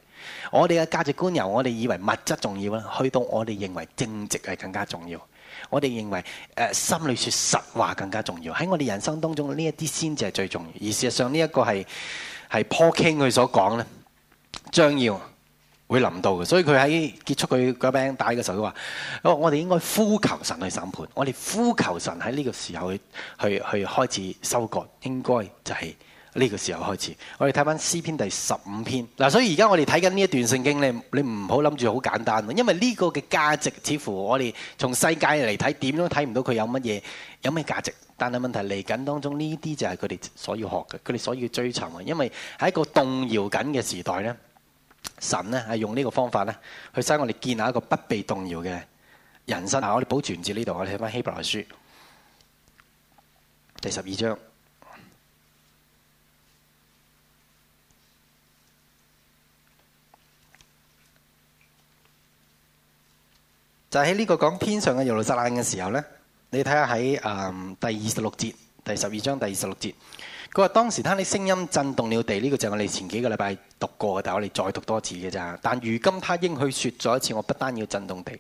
我哋嘅價值觀由我哋以為物質重要啦，去到我哋認為正直係更加重要。我哋認為誒、呃、心裏説實話更加重要。喺我哋人生當中呢一啲先至係最重要。而事實上呢一個係係 Paul King 佢所講咧，將要。會臨到嘅，所以佢喺結束佢嗰柄帶嘅時候，佢話：哦，我哋應該呼求神去審判，我哋呼求神喺呢個時候去去去開始收割，應該就係呢個時候開始。我哋睇翻詩篇第十五篇嗱，所以而家我哋睇緊呢一段聖經咧，你唔好諗住好簡單，因為呢個嘅價值，似乎我哋從世界嚟睇，點都睇唔到佢有乜嘢有咩價值。但係問題嚟緊當中呢啲就係佢哋所要學嘅，佢哋所要追尋嘅，因為喺一個動搖緊嘅時代咧。神呢係用呢個方法呢，去使我哋建立一個不被動搖嘅人生啊！我哋保存住呢度，我哋睇翻希伯來書第十二章，就喺、是、呢個講天上嘅耶路撒冷嘅時候呢，你睇下喺誒第二十六節，第十二章第二十六節。佢話當時他的聲音震動了地，呢、這個就係我哋前幾個禮拜讀過嘅，但我哋再讀多次嘅咋。但如今他應許說再一次，我不單要震動地，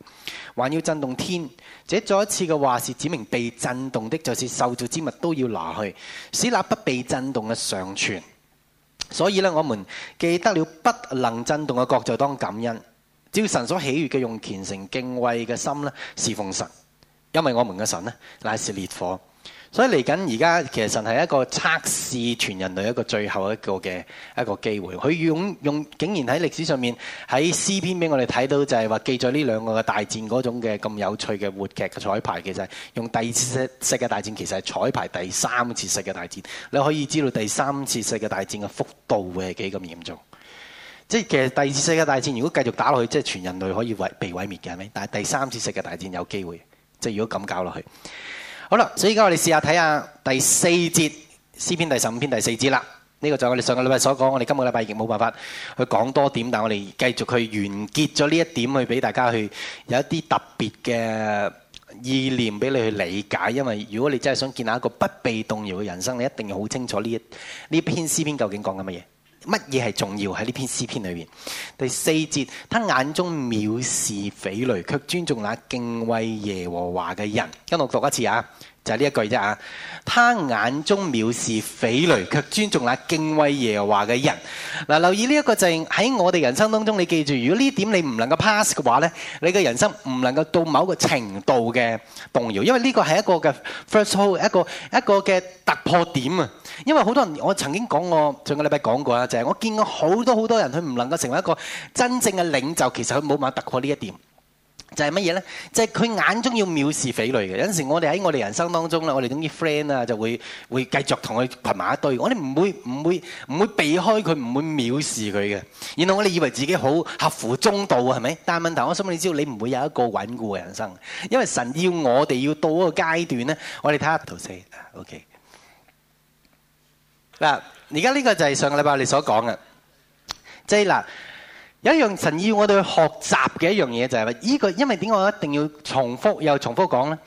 還要震動天。這再一次嘅話是指明被震動的，就是受造之物都要拿去，使那不被震動嘅常存。所以呢，我們記得了不能震動嘅國就當感恩。只要神所喜悅嘅，用虔誠敬畏嘅心呢侍奉神，因為我們嘅神呢，乃是烈火。所以嚟緊而家其實神係一個測試全人類一個最後一個嘅一個機會。佢用用竟然喺歷史上面喺詩篇俾我哋睇到就係話記載呢兩個嘅大戰嗰種嘅咁有趣嘅活劇嘅彩排，其實用第二次世界大戰其實係彩排第三次世界大戰。你可以知道第三次世界大戰嘅幅度會係幾咁嚴重。即係其實第二次世界大戰如果繼續打落去，即係全人類可以毀被毀滅嘅係咪？但係第三次世界大戰有機會，即係如果咁搞落去。好啦，所以而家我哋試下睇下第四節詩篇第十五篇第四節啦。呢個就係我哋上個禮拜所講，我哋今個禮拜已經冇辦法去講多點，但係我哋繼續去完結咗呢一點，去俾大家去有一啲特別嘅意念俾你去理解。因為如果你真係想見下一個不被動搖嘅人生，你一定要好清楚呢呢篇詩篇究竟講緊乜嘢。乜嘢係重要？喺呢篇詩篇裏面，第四節，他眼中藐視匪類，卻尊重那敬畏耶和華嘅人。跟我讀一次啊！就係呢一句啫啊！他眼中藐視匪類，卻尊重那敬畏耶和華嘅人。嗱，留意呢一個就係、是、喺我哋人生當中，你記住，如果呢點你唔能夠 pass 嘅話咧，你嘅人生唔能夠到某一個程度嘅動搖，因為呢個係一個嘅 first hole，一個一個嘅突破點啊！因為好多人，我曾經講過，上個禮拜講過啦，就係、是、我見過好多好多人，佢唔能夠成為一個真正嘅領袖，其實佢冇辦法突破呢一點。就係乜嘢呢？就係、是、佢眼中要藐視匪類嘅。有陣時我哋喺我哋人生當中啦，我哋啲 friend 啊就會會繼續同佢群埋一堆。我哋唔會唔會唔會避開佢，唔會藐視佢嘅。然後我哋以為自己好合乎中道啊，係咪？但係問題，我心你知道，道你唔會有一個穩固嘅人生，因為神要我哋要到一個階段呢。我哋睇下圖四，OK。嗱，而家呢個就係上個禮拜我哋所講嘅，即係嗱。有一樣神要我哋去學習嘅一樣嘢就係話、這個，呢個因為點解我一定要重複又重複講咧？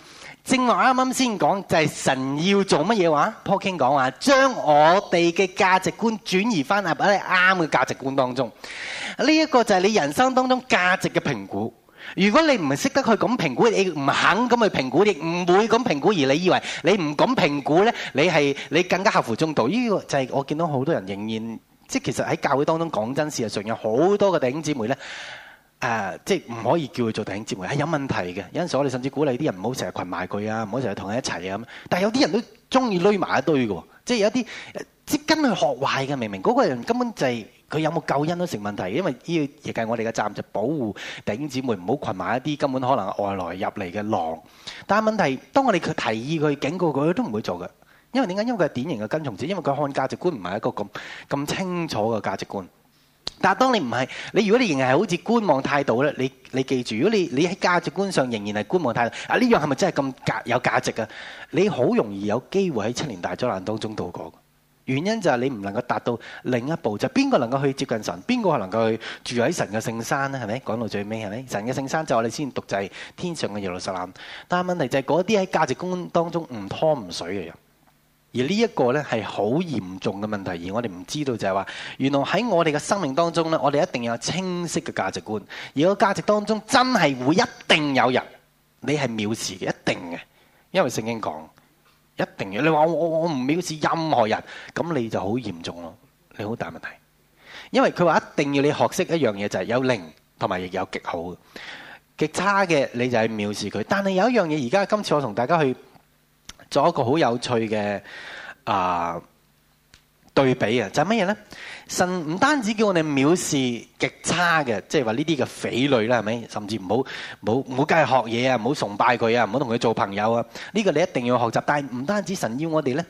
正話啱啱先講就係、是、神要做乜嘢話？Paul King 講話，將我哋嘅價值觀轉移翻入喺啱嘅價值觀當中。呢、這、一個就係你人生當中價值嘅評估。如果你唔識得去咁評估，你唔肯咁去評估，亦唔會咁評估，而你以為你唔咁評估咧，你係你更加合乎中道。呢、這個就係我見到好多人仍然。即係其實喺教會當中講真事實上有好多嘅弟兄姊妹咧，誒、呃，即係唔可以叫佢做弟兄姊妹係有問題嘅，因此我哋甚至鼓勵啲人唔好成日群埋佢啊，唔好成日同佢一齊啊咁。但係有啲人都中意攆埋一堆嘅，即係有啲即跟佢學壞嘅，明明嗰個人根本就係、是、佢有冇救恩都成問題，因為呢個亦係我哋嘅站就保護弟兄姊妹唔好群埋一啲根本可能外來入嚟嘅狼。但係問題當我哋佢提議佢警告佢都唔會做嘅。因為點解？因為佢係典型嘅跟從者，因為佢看價值觀唔係一個咁咁清楚嘅價值觀。但係當你唔係你，如果你仍然係好似觀望態度咧，你你記住，如果你你喺價值觀上仍然係觀望態度，啊呢樣係咪真係咁有價值呀？你好容易有機會喺七年大災難當中度過的。原因就係你唔能夠達到另一步，就邊、是、個能夠去接近神？邊個係能夠去住喺神嘅聖山咧？係咪？講到最尾係咪？神嘅聖山就係我哋先獨制、就是、天上嘅耶路撒冷。但係問題就係嗰啲喺價值觀當中唔拖唔水嘅人。而呢一個呢係好嚴重嘅問題，而我哋唔知道就係話，原來喺我哋嘅生命當中呢，我哋一定要有清晰嘅價值觀，而個價值當中真係會一定有人，你係藐視嘅，一定嘅，因為聖經講一定要。你話我我唔藐視任何人，咁你就好嚴重咯，你好大問題。因為佢話一定要你學識一樣嘢，就係有零同埋亦有極好嘅，極差嘅你就係藐視佢。但係有一樣嘢，而家今次我同大家去。做一個好有趣嘅啊、呃、對比啊，就係乜嘢咧？神唔單止叫我哋藐視極差嘅，即係話呢啲嘅匪類啦，係咪？甚至唔好唔好唔好梗係學嘢啊，唔好崇拜佢啊，唔好同佢做朋友啊。呢、這個你一定要學習。但係唔單止神要我哋咧，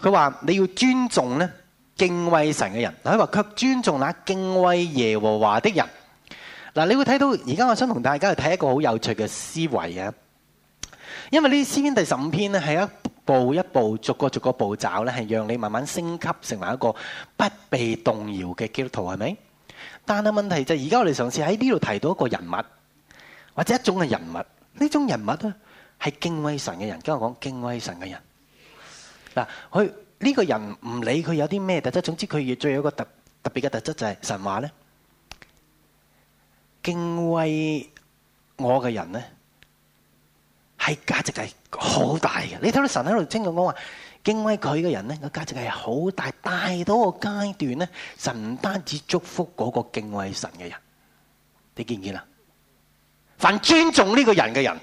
佢話你要尊重咧，敬畏神嘅人。佢話卻尊重那敬畏耶和華的人。嗱，你會睇到而家，現在我想同大家去睇一個好有趣嘅思維啊。因為呢啲詩篇第十五篇咧，係一步一步逐個逐個步驟咧，係讓你慢慢升級成為一個不被動搖嘅基督徒，係咪？但係問題就係，而家我哋嘗試喺呢度提到一個人物，或者一種嘅人物，呢種人物咧係敬畏神嘅人。跟我講敬畏神嘅人，嗱，佢、這、呢個人唔理佢有啲咩特質，總之佢最有一個特特別嘅特質就係神話咧，敬畏我嘅人咧。係價值係好大嘅，你睇到神喺度聽我講話，敬畏佢嘅人咧，個價值係好大。大多個階段咧，神唔單止祝福嗰個敬畏神嘅人，你見唔見啊？凡尊重呢個人嘅人，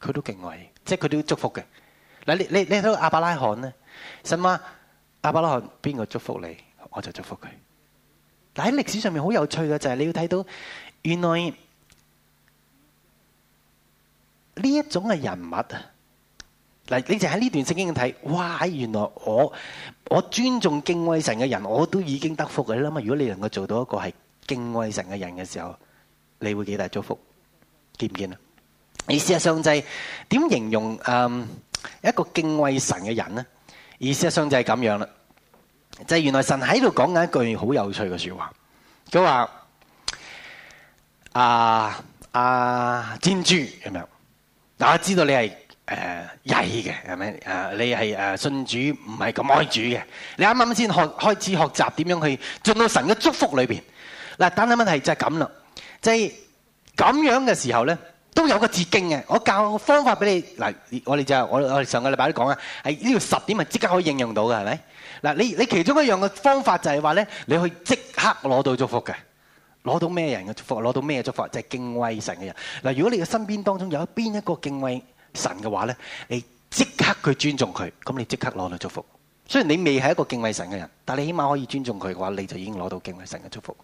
佢都敬畏，即係佢都要祝福嘅。嗱，你你你睇到亞伯拉罕咧，神話亞伯拉罕邊個祝福你，我就祝福佢。但喺歷史上面好有趣嘅就係、是、你要睇到原來。呢一種嘅人物啊，嗱，你就喺呢段聖經睇，哇！原來我我尊重敬畏神嘅人，我都已經得福嘅。你諗下如果你能夠做到一個係敬畏神嘅人嘅時候，你會幾大祝福？見唔見啊？而事實上就係點形容誒、嗯、一個敬畏神嘅人咧？意思上就係咁樣啦，就係、是、原來神喺度講緊一句好有趣嘅說話，佢話：啊啊，珍珠咁樣。是大家知道你係誒曳嘅，係、呃、咪？誒你係誒、呃、信主，唔係咁愛主嘅。你啱啱先學開始學習點樣去進到神嘅祝福裏邊。嗱，但係問題就係咁啦，就係、是、咁樣嘅時候咧，都有個捷徑嘅。我教個方法俾你。嗱，我哋就我我哋上個禮拜都講啊，係呢度十點啊，即刻可以應用到嘅，係咪？嗱，你你其中一樣嘅方法就係話咧，你去即刻攞到祝福嘅。攞到咩人嘅祝福？攞到咩祝福？就係敬畏神嘅人。嗱，如果你嘅身邊當中有邊一個敬畏神嘅話咧，你即刻去尊重佢，咁你即刻攞到祝福。雖然你未係一個敬畏神嘅人，但你起碼可以尊重佢嘅話，你就已經攞到敬畏神嘅祝福。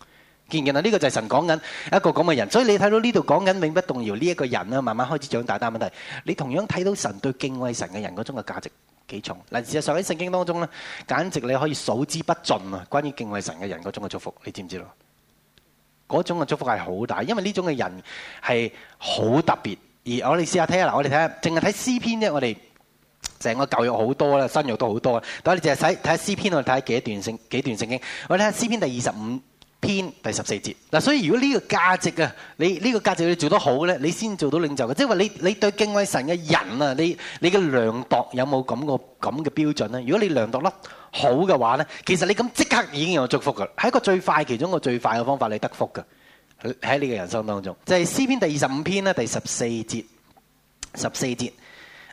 見唔見到呢個就係神講緊一個咁嘅人？所以你睇到呢度講緊永不動搖呢一個人咧慢慢開始長大。但係問題，你同樣睇到神對敬畏神嘅人嗰種嘅價值幾重？嗱，事實上喺聖經當中咧，簡直你可以數之不盡啊！關於敬畏神嘅人嗰種嘅祝福，你知唔知道？嗰種嘅祝福係好大，因為呢種嘅人係好特別。而我哋試下睇下，嗱，我哋睇下，淨係睇詩篇啫。我哋成個舊約好多啦，新約都好多啦。但我哋淨係睇睇詩篇啊，睇幾段聖幾段聖經。我哋睇下詩篇第二十五篇第十四節。嗱，所以如果呢個價值啊，你呢個價值你要做得好咧，你先做到領袖嘅。即係話你你對敬畏神嘅人啊，你你嘅量度有冇咁個咁嘅標準咧？如果你量度得，好嘅話呢，其實你咁即刻已經有祝福噶啦，係一個最快其中一個最快嘅方法，你得福噶喺喺你嘅人生當中，就係、是、詩篇第二十五篇咧，第十四節，十四節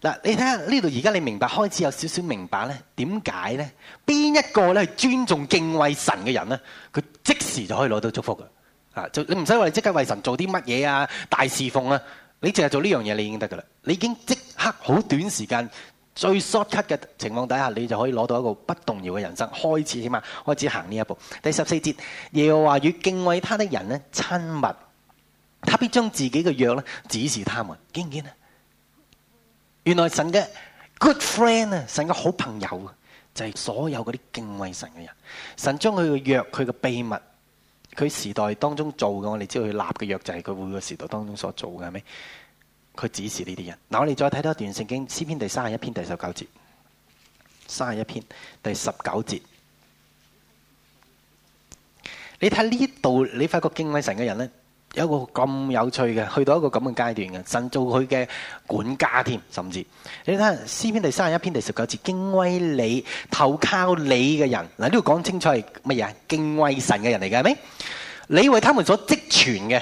嗱，你睇下呢度而家你明白開始有少少明白呢點解呢？邊一個咧係尊重敬畏神嘅人呢？佢即時就可以攞到祝福噶啊！就你唔使話你即刻為神做啲乜嘢啊，大侍奉啊，你淨係做呢樣嘢你已經得噶啦，你已經即刻好短時間。最 shortcut 嘅情況底下，你就可以攞到一個不動搖嘅人生開始，起碼開始行呢一步。第十四節，耶和華與敬畏他的人咧親密，他必將自己嘅約咧指示他們。見唔見啊？原來神嘅 good friend 啊，神嘅好朋友就係所有嗰啲敬畏神嘅人。神將佢嘅約，佢嘅秘密，佢時代當中做嘅，我哋知道佢立嘅約就係佢每個時代當中所做嘅，係咪？佢指示呢啲人。嗱，我哋再睇多一段聖經，詩篇第三十一篇第十九節。三十一篇第十九節，你睇呢度，你發覺敬畏神嘅人咧，有一個咁有趣嘅，去到一個咁嘅階段嘅，神做佢嘅管家添，甚至你睇下《詩篇》第三十一篇第十九節，敬畏你投靠你嘅人。嗱，呢度講清楚係乜嘢？敬畏神嘅人嚟嘅，係咪？你為他們所積存嘅。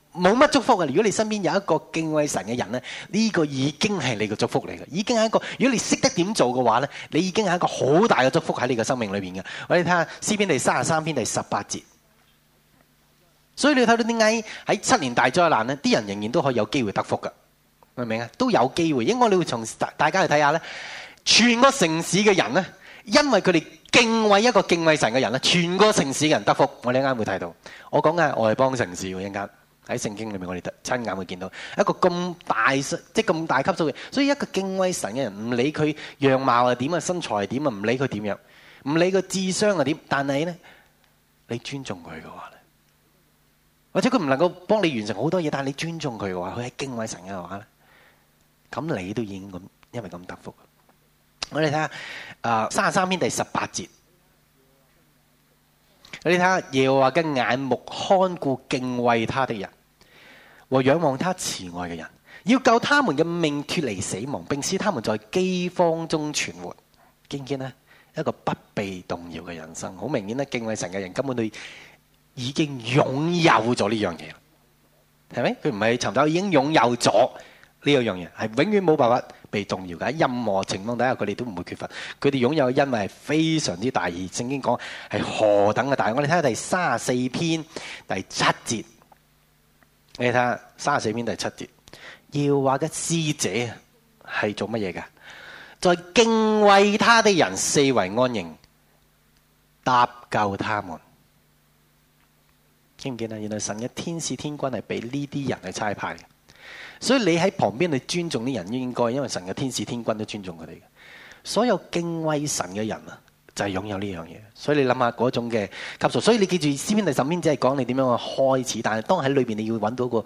冇乜祝福嘅。如果你身邊有一個敬畏神嘅人咧，呢、呢個已經係你嘅祝福嚟嘅，已經係一個。如果你識得點做嘅話咧，你已經係一個好大嘅祝福喺你嘅生命裏邊嘅。我哋睇下詩篇第三十三篇第十八節。所以你睇到點解喺七年大災難咧，啲人仍然都可以有機會得福嘅，明唔明啊？都有機會。應該你會從大家去睇下咧，全個城市嘅人咧，因為佢哋敬畏一個敬畏神嘅人咧，全個城市嘅人得福。我哋一陣會睇到，我講緊係外邦城市嘅一陣。喺聖經裏面，我哋親眼會見到一個咁大即係咁大級數嘅，所以一個敬畏神嘅人唔理佢樣貌係點啊，身材係點啊，唔理佢點樣，唔理佢智商係點，但係咧，你尊重佢嘅話咧，或者佢唔能夠幫你完成好多嘢，但係你尊重佢嘅話，佢係敬畏神嘅話咧，咁你都已經咁因為咁得福。我哋睇下啊三十三篇第十八節，你睇下耶和華嘅眼目看顧敬畏他的人，和仰望他慈愛嘅人，要救他們嘅命脱離死亡，並使他們在饑荒中存活。見見呢，一個不被動搖嘅人生。好明顯呢，敬畏神嘅人根本都已經擁有咗呢樣嘢，係咪？佢唔係尋找，已經擁有咗呢樣嘢，係永遠冇辦法被動搖嘅。任何情況底下，佢哋都唔會缺乏。佢哋擁有，因為係非常之大，而聖經講係何等嘅大。我哋睇下第三十四篇第七節。你睇下，三十四篇第七節，要話嘅使者係做乜嘢嘅？在敬畏他的人四圍安營，搭救他們。見唔見啊？原來神嘅天使天君係俾呢啲人去差派嘅。所以你喺旁邊，你尊重啲人應該，因為神嘅天使天君都尊重佢哋嘅。所有敬畏神嘅人啊！就係擁有呢樣嘢，所以你諗下嗰種嘅級數。所以你記住，詩篇上邊只係講你點樣去開始，但係當喺裏邊你要揾到一個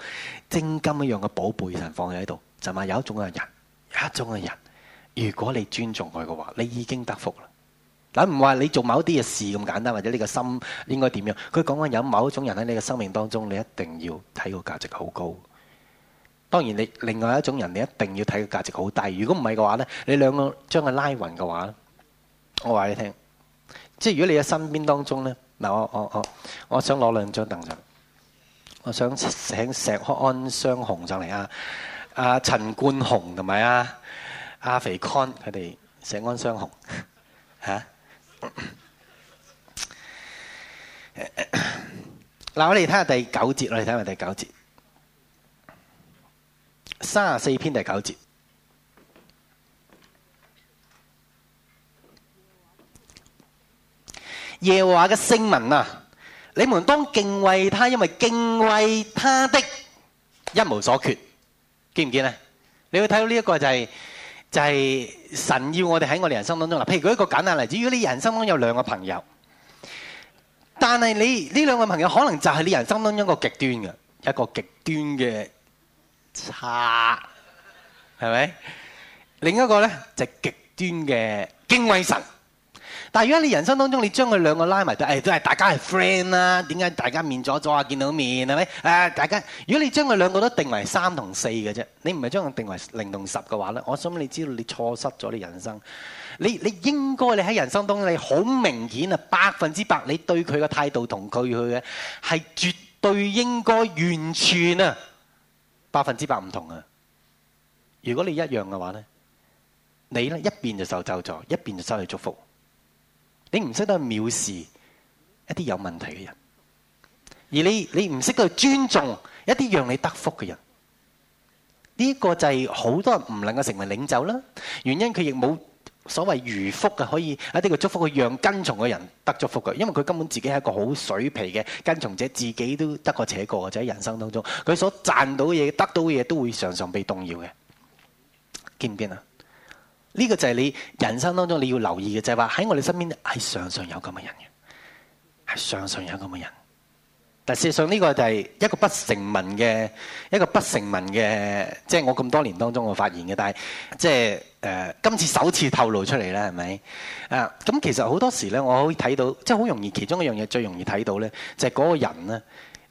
精金一樣嘅寶貝神放喺度。就話、是、有一種嘅人，有一種嘅人，如果你尊重佢嘅話，你已經得福啦。嗱唔話你做某啲嘅事咁簡單，或者你個心應該點樣？佢講緊有某一種人喺你嘅生命當中，你一定要睇個價值好高。當然你，你另外一種人，你一定要睇個價值好低。如果唔係嘅話呢，你兩個將佢拉勻嘅話。你兩個將他拉我話你聽，即係如果你喺身邊當中咧，嗱我我我，我想攞兩張凳上，我想請石安雙雄上嚟啊，阿陳冠雄同埋阿阿肥 con 佢哋石安雙雄吓，嗱、啊、我哋睇下第九節，我哋睇下第九節，卅四篇第九節。耶和華嘅聖民啊，你們當敬畏他，因為敬畏他的一無所缺，見唔見啊？你會睇到呢一個就係就係神要我哋喺我哋人生當中啦。譬如舉一個簡單例子，如果你人生當中有兩個朋友，但係你呢兩個朋友可能就係你人生當中一個極端嘅，一個極端嘅差，係咪？另一個呢就極端嘅敬畏神。但係如果你人生當中，你將佢兩個拉埋，哎，都係大家係 friend 啦，啊。點解，大家面阻阻啊？見到面係咪？大家如果你將佢兩個都定為三同四嘅啫，你唔係將佢定為零同十嘅話咧，我想你知道你錯失咗你人生。你你應該你喺人生當中，你好明顯啊，百分之百你對佢嘅態度同佢去嘅係絕對應該完全啊，百分之百唔同啊。如果你一樣嘅話咧，你咧一邊就受咒咗，一邊就失去祝福。你唔識得去藐視一啲有問題嘅人，而你你唔識得去尊重一啲讓你得福嘅人，呢個就係好多人唔能夠成為領袖啦。原因佢亦冇所謂如福嘅，可以一啲嘅祝福去讓跟從嘅人得祝福佢。因為佢根本自己係一個好水皮嘅跟從者，自己都得過且過嘅。或者喺人生當中，佢所賺到嘅嘢、得到嘅嘢，都會常常被動搖嘅。見唔見啊？呢個就係你人生當中你要留意嘅，就係話喺我哋身邊係常常有咁嘅人嘅，係常常有咁嘅人。但事實上呢個就係一個不成文嘅，一個不成文嘅，即係我咁多年當中我發現嘅。但係即係誒今次首次透露出嚟咧，係咪？誒、啊、咁其實好多時咧，我可以睇到，即係好容易其中一樣嘢最容易睇到咧，就係嗰個人咧，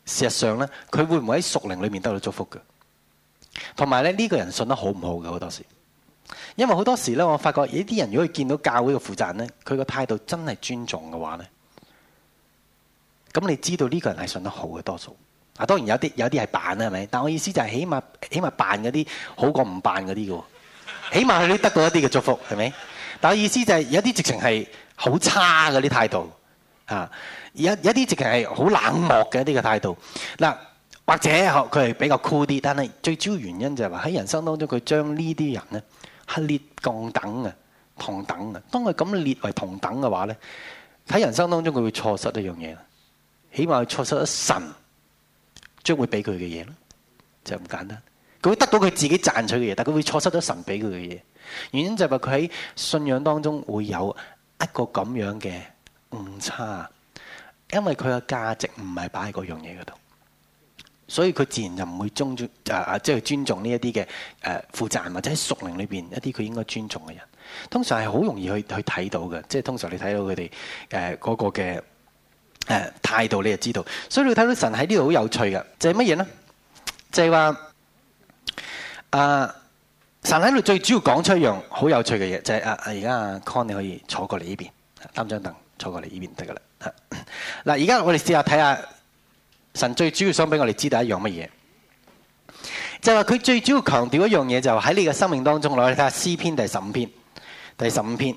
事實上咧，佢會唔會喺屬靈裏面得到祝福嘅？同埋咧，呢個人信得好唔好嘅好多時。因為好多時咧，我發覺有啲人，如果佢見到教會嘅負責人咧，佢個態度真係尊重嘅話咧，咁你知道呢個人係信得好嘅多數。啊，當然有啲有啲係扮啦，係咪？但我意思就係起碼起碼扮嗰啲好過唔扮嗰啲嘅，起碼佢都得到一啲嘅祝福，係咪？但我意思就係有啲直情係好差嗰啲態度啊，有有啲直情係好冷漠嘅一啲嘅態度。嗱，或者佢係比較酷啲，但係最主要原因就係話喺人生當中佢將呢啲人咧係列降等嘅，同等嘅。當佢咁列為同等嘅話咧，喺人生當中佢會錯失一樣嘢啦。起碼佢錯失咗神將會俾佢嘅嘢咯，就咁簡單。佢會得到佢自己賺取嘅嘢，但佢會錯失咗神俾佢嘅嘢。原因就係話佢喺信仰當中會有一個咁樣嘅誤差，因為佢嘅價值唔係擺喺嗰樣嘢嗰度。所以佢自然就唔會尊，誒誒，即係尊重呢一啲嘅誒負責人，或者喺屬靈裏邊一啲佢應該尊重嘅人，通常係好容易去去睇到嘅，即係通常你睇到佢哋誒嗰個嘅誒態度，你就知道。所以你會睇到神喺呢度好有趣嘅，即係乜嘢咧？就係話誒神喺度最主要講出一樣好有趣嘅嘢，就係誒而家阿 Con 你可以坐過嚟呢邊，擔張凳坐過嚟呢邊得噶啦。嗱，而 家我哋試下睇下。神最主要想俾我哋知道一樣乜嘢？就係話佢最主要強調一樣嘢，就係話喺你嘅生命當中，我哋睇下詩篇第十五篇，第十五篇，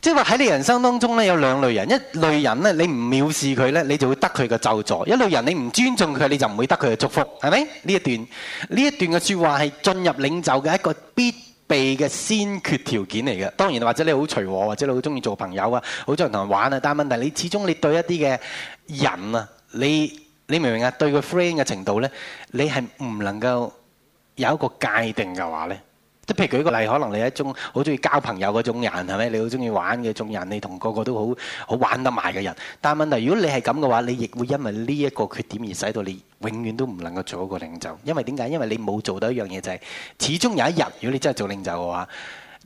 即係話喺你人生當中咧，有兩類人，一類人咧你唔藐視佢咧，你就會得佢嘅咒詛。一類人你唔尊重佢，你就唔會得佢嘅祝福對不對，係咪？呢一段呢一段嘅說話係進入領袖嘅一個必備嘅先決條件嚟嘅。當然或者你好隨和，或者你好中意做朋友啊，好中意同人玩啊，但係問題你始終你對一啲嘅。人啊，你你明唔明啊？對個 friend 嘅程度呢，你係唔能夠有一個界定嘅話呢。即譬如舉個例，可能你係一種好中意交朋友嗰種人係咪？你好中意玩嘅種人，你同個個都好好玩得埋嘅人。但問題是如果你係咁嘅話，你亦會因為呢一個缺點而使到你永遠都唔能夠做一個領袖。因為點解？因為你冇做到一樣嘢，就係、是、始終有一日，如果你真係做領袖嘅話。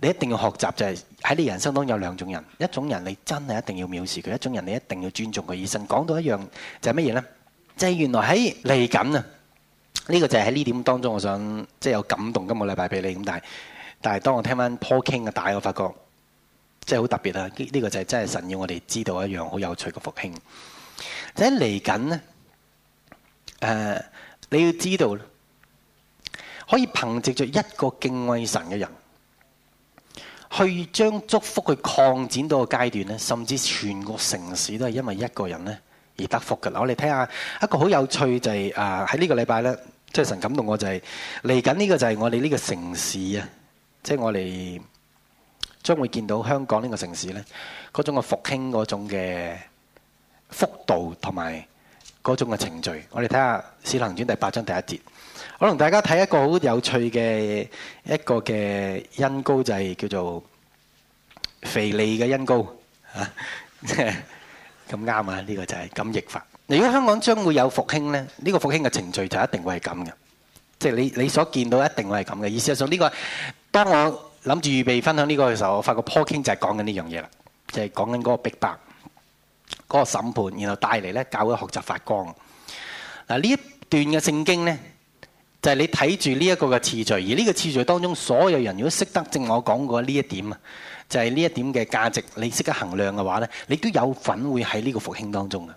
你一定要學習就係喺你人生當中有兩種人，一種人你真係一定要藐視佢，一種人你一定要尊重佢。以身講到一樣就係乜嘢呢？即係原來喺嚟緊啊！呢個就係喺呢點當中，我想即係有感動今個禮拜俾你咁。但係但係當我聽翻 Paul King 嘅帶，我發覺即係好特別啊！呢個就係真係神要我哋知道一樣好有趣嘅復興。就喺嚟緊咧，誒你要知道，可以憑藉著一個敬畏神嘅人，去將祝福去擴展到個階段咧，甚至全個城市都係因為一個人咧而得福㗎喇。我哋睇下一個好有趣就係啊，喺呢個禮拜咧，即係神感動我就係嚟緊呢個就係我哋呢個城市啊，即係我哋將會見到香港呢個城市咧，嗰種嘅復興、嗰種嘅幅度同埋嗰種嘅程序。我哋睇下使徒行傳第八章第一節。我同大家睇一個好有趣嘅一個嘅恩膏，就係叫做腓利嘅恩膏啊！咁啱啊，呢個就係咁逆法。如果香港將會有復興咧，呢個復興嘅程序就一定會係咁嘅，即係你你所見到一定會係咁嘅。意思就係呢個，當我諗住預備分享呢個嘅時候，我發覺 Paul King 就係講緊呢樣嘢啦，就係講緊嗰個逼迫、嗰個審判，然後帶嚟咧教會學習發光。嗱呢一段嘅聖經咧。就係你睇住呢一個嘅次序，而呢個次序當中所有人如果識得正我講過呢一點就係、是、呢一點嘅價值，你識得衡量嘅話咧，你都有份會喺呢個復興當中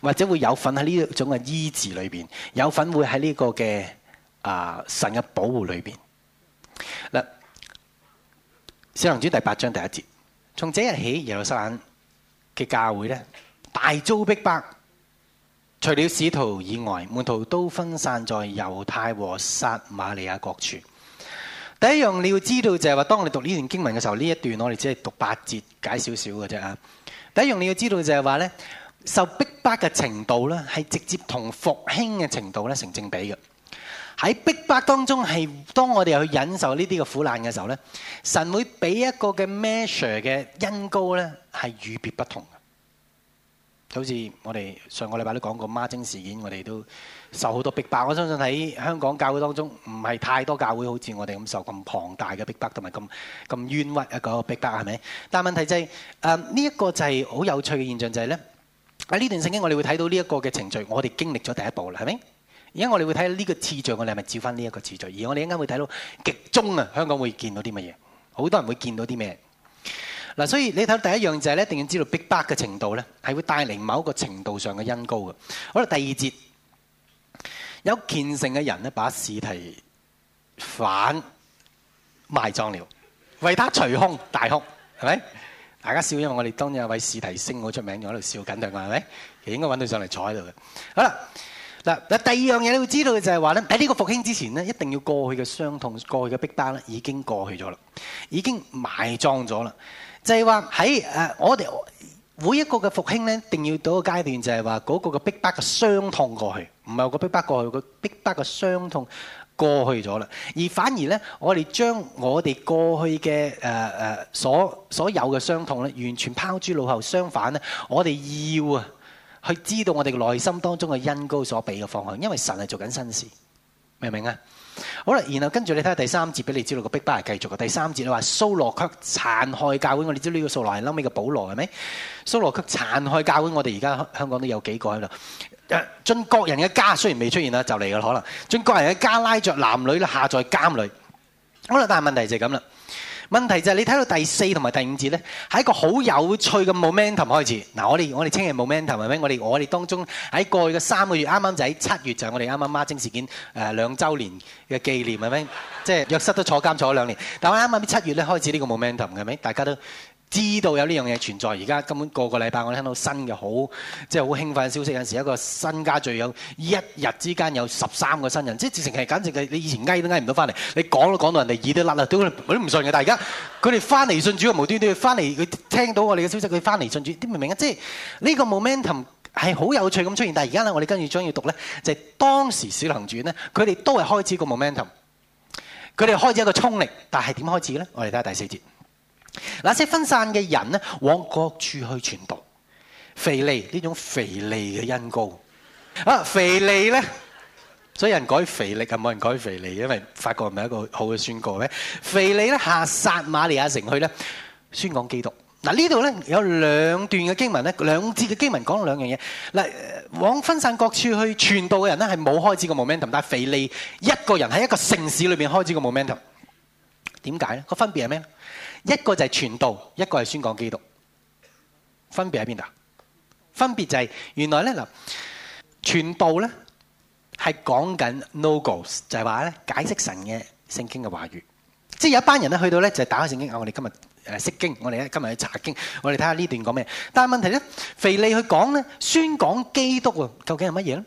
或者會有份喺呢種嘅醫治裏面，有份會喺呢個嘅啊、呃、神嘅保護裏面。嗱，《小龍珠》第八章第一節，從這日起，耶路撒冷嘅教會呢大遭逼迫。除了使徒以外，門徒都分散在猶太和撒瑪利亞各處。第一樣你要知道就係話，當我哋讀呢段經文嘅時候，呢一段我哋只係讀八節解少少嘅啫啊！第一樣你要知道就係話呢，受逼迫嘅程度呢，係直接同復興嘅程度呢成正比嘅。喺逼迫當中係，當我哋去忍受呢啲嘅苦難嘅時候呢，神會俾一個嘅 measure 嘅恩膏呢，係與別不同。好似我哋上個禮拜都講過孖精事件，我哋都受好多逼迫。我相信喺香港教會當中，唔係太多教會好似我哋咁受咁龐大嘅逼迫，同埋咁咁冤屈嘅一個逼迫，係咪？但係問題就係、是，誒呢一個就係好有趣嘅現象就係、是、咧。喺呢段聖經，我哋會睇到呢一個嘅程序，我哋經歷咗第一步啦，係咪？而家我哋會睇到呢個次序，我哋係咪照翻呢一個次序？而我哋一陣間會睇到極終啊，香港會見到啲乜嘢？好多人會見到啲咩？嗱，所以你睇第一樣就係咧，一定要知道逼迫嘅程度咧，係會帶嚟某一個程度上嘅音高嘅。好啦，第二節有虔誠嘅人咧，把司提反埋葬了，為他捶胸大哭，係咪？大家笑因為我哋當日有位司提反好出名，仲喺度笑緊對話，係咪？其實應該揾佢上嚟坐喺度嘅。好啦，嗱嗱第二樣嘢你要知道嘅就係話咧，喺呢個復興之前咧，一定要過去嘅傷痛、過去嘅逼迫咧，已經過去咗啦，已經埋葬咗啦。就係話喺誒，我哋每一個嘅復興咧，一定要到個階段，就係話嗰個嘅逼迫嘅傷痛過去，唔係個逼迫，迫過去，個逼迫嘅傷痛過去咗啦。而反而咧，我哋將我哋過去嘅誒誒所所有嘅傷痛咧，完全拋諸腦後。相反咧，我哋要啊去知道我哋嘅內心當中嘅恩膏所俾嘅方向，因為神係做緊新事，明唔明啊？好啦，然後跟住你睇下第三節俾你知道個逼迫係繼續嘅。第三節你話蘇羅卻殘害教會，我哋知道呢個蘇羅係後尾嘅保羅係咪？蘇羅卻殘害教會，我哋而家香港都有幾個喺度。進各人嘅家，雖然未出現啦，就嚟噶啦，可能進各人嘅家，拉着男女咧，下在監裡。好啦，但係問題就係咁啦。問題就係你睇到第四同埋第五節咧，喺一個好有趣嘅 momentum 開始。嗱，我哋我哋青年 momentum 係咪？我哋、um，我哋當中喺過去嘅三個月啱啱就係七月就係我哋啱啱孖精事件誒兩週年嘅紀念係咪？即係約瑟都坐監坐咗兩年，但係啱啱啲七月咧開始呢個 momentum 係咪？大家都知道有呢樣嘢存在，而家根本個個禮拜我聽到新嘅好，即係好興奮嘅消息。有時一個新家聚有一日之間有十三個新人，即係直情係，簡直係你以前嗌都嗌唔到翻嚟，你講都講到人哋耳都甩啦，都都唔信嘅。但而家佢哋翻嚟信主，無端端翻嚟，佢聽到我哋嘅消息，佢翻嚟信主，啲明唔明啊？即係呢、這個 momentum 係好有趣咁出現。但而家呢，我哋跟住將要讀咧，就係、是、當時小行傳咧，佢哋都係開始個 momentum，佢哋開始一個衝力，但係點開始咧？我哋睇下第四節。那些分散嘅人呢，往各處去傳道。腓利呢種，腓利嘅恩膏啊，腓利呢，所以有人改肥力啊，冇人改腓利，因為法國唔係一個好嘅宣告。腓利呢下撒馬利亞城去呢，宣講基督。嗱呢度呢，有兩段嘅經文咧，兩節嘅經文講兩樣嘢。嗱、啊，往分散各處去傳道嘅人呢係冇開始個 momentum，但腓利一個人喺一個城市裏邊開始個 momentum，點解呢？個分別係咩一個就係傳道，一個係宣講基督，分別喺邊度？分別就係、是、原來咧嗱，傳道咧係講緊 logos，就係話咧解釋神嘅聖經嘅話語，即係有一班人咧去到咧就係、是、打開聖經，我哋今日誒識經，我哋今日去查經，我哋睇下呢段講咩。但係問題咧，腓利去講咧宣講基督喎，究竟係乜嘢咧？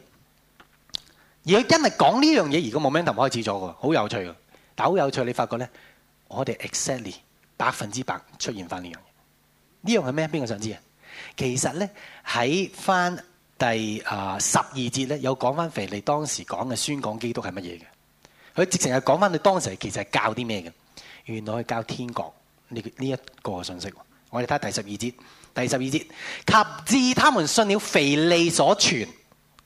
而佢因為講呢樣嘢而個 momentum 開始咗喎，好有趣㗎。但好有趣，你發覺咧，我哋 excel 百分之百出現翻呢樣嘢，呢樣係咩？邊個想知啊？其實咧喺翻第啊十二節咧，有講翻腓利當時講嘅宣講基督係乜嘢嘅？佢直情係講翻佢當時其實係教啲咩嘅？原來係教天國呢呢一個信息。我哋睇下第十二節，第十二節及至他們信了腓利所傳，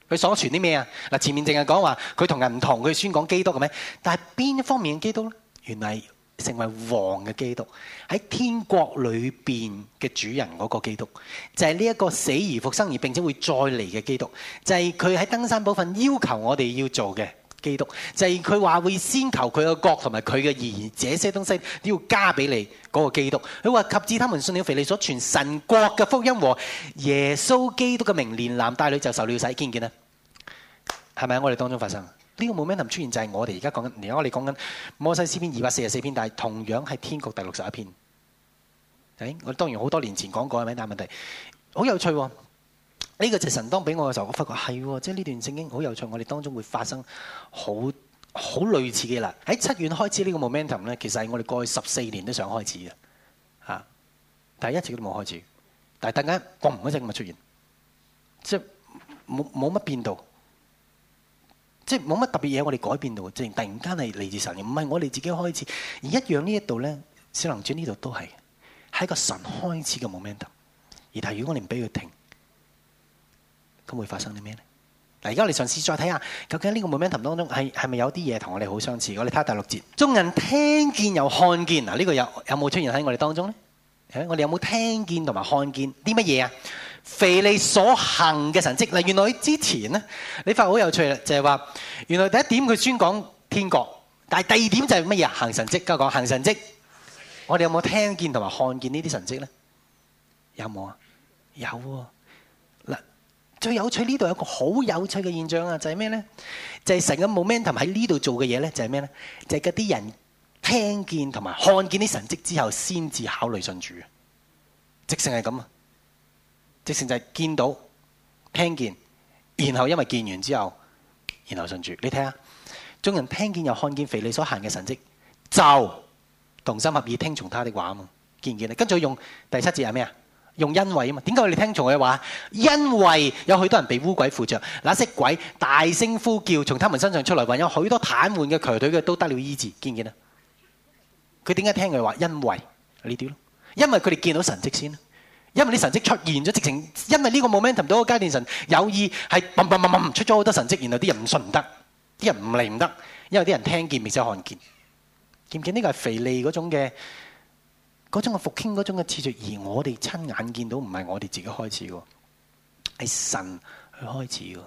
佢所傳啲咩啊？嗱，前面淨係講話佢同銀堂佢宣講基督嘅咩？但係邊一方面嘅基督咧？原來。成為王嘅基督，喺天國裏邊嘅主人嗰個基督，就係呢一個死而復生而並且會再嚟嘅基督，就係佢喺登山寶訓要求我哋要做嘅基督，就係佢話會先求佢嘅國同埋佢嘅義，這些東西都要加俾你嗰個基督。佢話及至他們信了腓利所傳神國嘅福音和耶穌基督嘅名，連男帶女就受了洗，見唔見啊？係咪喺我哋當中發生？呢個 momentum 出現就係我哋而家講緊，而家我哋講緊摩西詩篇二百四十四篇，但係同樣係天國第六十一篇。誒、哎，我當然好多年前講過係咪？但係問題好有趣、哦。呢、這個就神當俾我嘅時候，我發覺係，即係呢段聖經好有趣。我哋當中會發生好好類似嘅啦。喺七月開始呢個 momentum 咧，其實係我哋過去十四年都想開始嘅嚇，但係一直都冇開始。但係突然間轟一聲咁啊出現，即係冇冇乜變動。即係冇乜特別嘢，我哋改變到，突然間係嚟自神嘅，唔係我哋自己開始。而一樣呢一度咧，小林主呢度都係喺個神開始嘅 momentum 而但係如果我哋唔俾佢停，咁會發生啲咩咧？嗱，而家我哋嘗試再睇下，究竟喺呢個 momentum 當中係係咪有啲嘢同我哋好相似？我哋睇下第六節，眾人聽見又看見，嗱，呢個有有冇出現喺我哋當中咧？誒，我哋有冇聽見同埋看見啲乜嘢啊？腓力所行嘅神跡，嗱，原來之前咧，你發覺好有趣啦，就係話原來第一點佢宣講天國，但係第二點就係乜嘢行神跡，而家講行神跡，我哋有冇聽見同埋看見呢啲神跡咧？有冇啊？有喎！嗱，最有趣呢度有個好有趣嘅現象啊，就係咩咧？就係成個 momentum 喺呢度做嘅嘢咧，就係咩咧？就係嗰啲人聽見同埋看見啲神跡之後，先至考慮信主，即性係咁啊！直程就係見到、聽見，然後因為見完之後，然後順住。你睇下，眾人聽見又看見腓利所行嘅神跡，就同心合意聽從他的話嘛。見唔見啊？跟住用第七節係咩啊？用因為啊嘛。點解佢哋聽從佢嘅話？因為有許多人被污鬼附著，那些鬼大聲呼叫，從他們身上出來，還有許多癱瘓嘅瘸腿嘅都得了醫治。見唔見啊？佢點解聽佢話？因為呢啲咯，因為佢哋見到神跡先。因為啲神跡出現咗，直情因為呢個 momentum 到個階段，神有意係冧冧冧冧出咗好多神跡，然後啲人唔信唔得，啲人唔嚟唔得，因為啲人聽見未使看見，見唔見？呢個係腓利嗰種嘅，嗰種嘅復興嗰種嘅次序，而我哋親眼見到唔係我哋自己開始喎，係神去開始喎，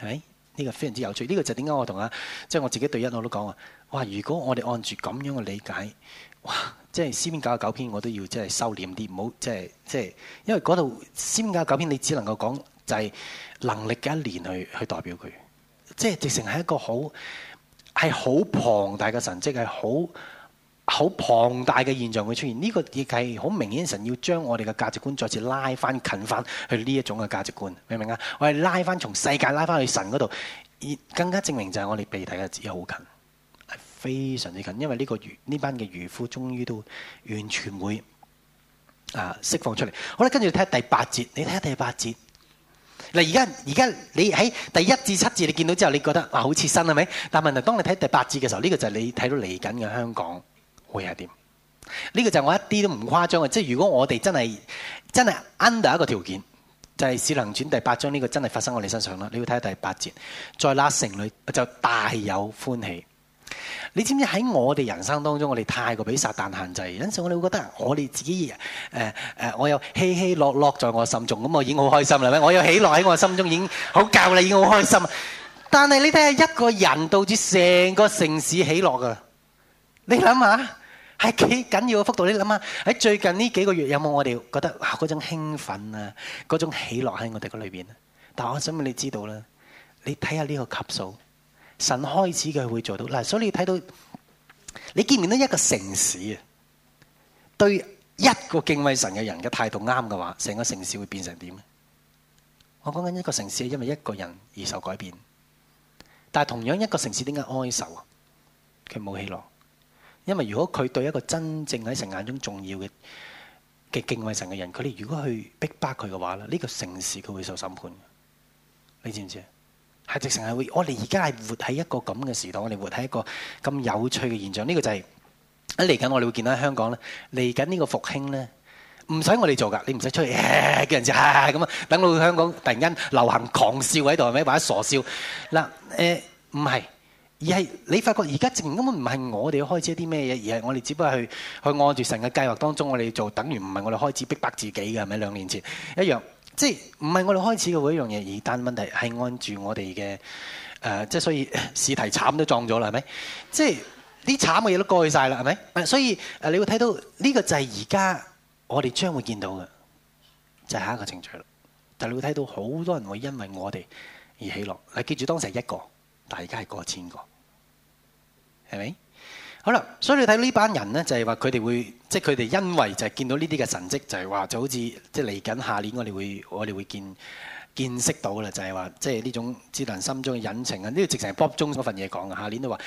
係咪？呢、這個非常之有趣。呢、這個就點解我同啊，即、就、係、是、我自己對一我都講話，話如果我哋按住咁樣嘅理解，哇！即係詩九九篇，我都要即係收斂啲，唔好即係即係，因為嗰度詩九九篇，你只能夠講，就係能力嘅一年去去代表佢，即係直成係一個好係好龐大嘅神跡，係好好龐大嘅現象會出現。呢個亦係好明顯神要將我哋嘅價值觀再次拉翻近翻去呢一種嘅價值觀，明唔明啊？我係拉翻從世界拉翻去神嗰度，而更加證明就係我哋被大家只有好近。非常之近，因為呢個漁呢班嘅漁夫，終於都完全會啊釋放出嚟。好啦，跟住睇下第八節，你睇下第八節嗱。而家而家你喺第一至七節你見到之後，你覺得嗱、啊、好切身係咪？但問題當你睇第八節嘅時候，呢、這個就係你睇到嚟緊嘅香港會係點？呢、這個就係我一啲都唔誇張嘅，即係如果我哋真係真係 under 一個條件，就係《使能傳》第八章呢、這個真係發生喺我哋身上啦。你要睇下第八節，在拉城裏就大有歡喜。你知唔知喺我哋人生當中，我哋太過俾撒旦限制，因此我哋會覺得我哋自己誒誒、呃呃，我有喜喜樂樂在我心中，咁我已經好開心啦，咩？我有喜樂喺我心中已經好夠啦，已經好開心。但係你睇下一個人導致成個城市喜樂噶，你諗下係幾緊要嘅幅度？你諗下喺最近呢幾個月有冇我哋覺得嗰種興奮啊，嗰種喜樂喺我哋嘅裏邊咧？但係我想問你知道啦，你睇下呢個級數。神開始佢會做到，嗱，所以你睇到你見唔見到一個城市啊？對一個敬畏神嘅人嘅態度啱嘅話，成個城市會變成點呢？我講緊一個城市係因為一個人而受改變，但係同樣一個城市點解哀愁啊？佢冇希望，因為如果佢對一個真正喺神眼中重要嘅嘅敬畏神嘅人，佢哋如果去逼迫佢嘅話咧，呢個城市佢會受審判，你知唔知？係直情係會，我哋而家係活喺一個咁嘅時代，我哋活喺一個咁有趣嘅現象。呢個就係一嚟緊，我哋會見到喺香港咧，嚟緊呢個復興咧，唔使我哋做噶，你唔使出去叫人知咁啊！等到香港突然間流行狂笑喺度，係咪或者傻笑？嗱，誒，唔係，而係你發覺而家正根本唔係我哋開始一啲咩嘢，而係我哋只不過去去按住神嘅計劃當中，我哋做，等於唔係我哋開始逼迫自己嘅，係咪兩年前一樣？即係唔係我哋開始嘅會一樣嘢而，但問題係按住我哋嘅，誒，即係所以試題慘都撞咗啦，係咪？即係啲慘嘅嘢都過去晒啦，係咪？所以誒，你會睇到呢、這個就係而家我哋將會見到嘅，就係、是、下一個程序啦。但你會睇到好多人會因為我哋而起落。嗱，記住當時係一個，但而家係過千個，係咪？好啦，所以你睇呢班人咧，就係話佢哋會，即係佢哋因為就係見到呢啲嘅神跡，就係、是、話就好似，即係嚟緊下年我哋會，我哋會見見識到啦，就係話即係呢種知人心中嘅隱情啊，呢個直情係 Bob 中嗰份嘢講啊。下年都話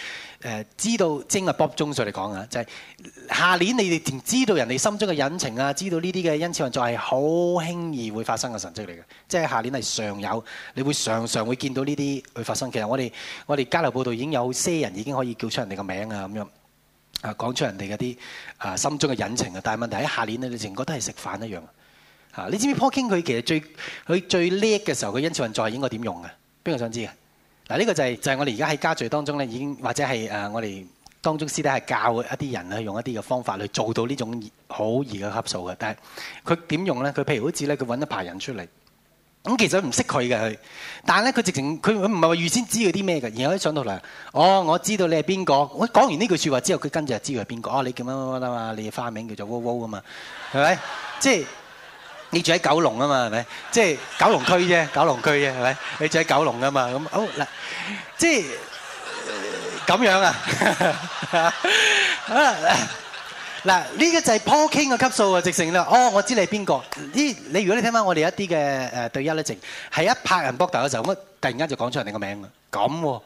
誒，知道精 Bob 中，我嚟講下就係、是、下年你哋知道人哋心中嘅隱情啊，知道呢啲嘅恩賜運作係好輕易會發生嘅神跡嚟嘅，即、就、係、是、下年係常有，你會常常會見到呢啲會發生。其實我哋我哋交流報道已經有些人已經可以叫出人哋個名啊咁樣。啊，講出人哋嗰啲啊心中嘅隱情啊！但係問題喺下年咧，你淨覺得係食飯一樣啊！你知唔知 Paul King 佢其實最佢最叻嘅時候，佢因此運在應該點用嘅？邊個想知嘅？嗱、啊、呢、這個就係、是、就係、是、我哋而家喺家聚當中咧，已經或者係誒、啊、我哋當中私底下教一啲人去用一啲嘅方法去做到呢種好易嘅級數嘅。但係佢點用咧？佢譬如好似咧，佢揾一排人出嚟。咁其實唔識佢嘅佢，但係咧佢直情佢唔係話預先知佢啲咩嘅，然後一上到嚟，哦，我知道你係邊個。我講完呢句説話之後，佢跟住就知佢係邊個。啊，你叫乜乜乜啊嘛？你嘅花名叫做蝸蝸啊嘛，係咪？即係你住喺九龍啊嘛，係咪？即係九龍區啫，九龍區啫，係咪？你住喺九龍啊嘛，咁好，嗱，即係咁樣啊。嗱，呢個就係 Paul King 嘅級數啊，直情啦！哦，我知你係邊個？依你如果你聽翻我哋一啲嘅誒對話咧，直係一拍人膊頭嘅時候，我突然間就講出人哋個名啦。咁，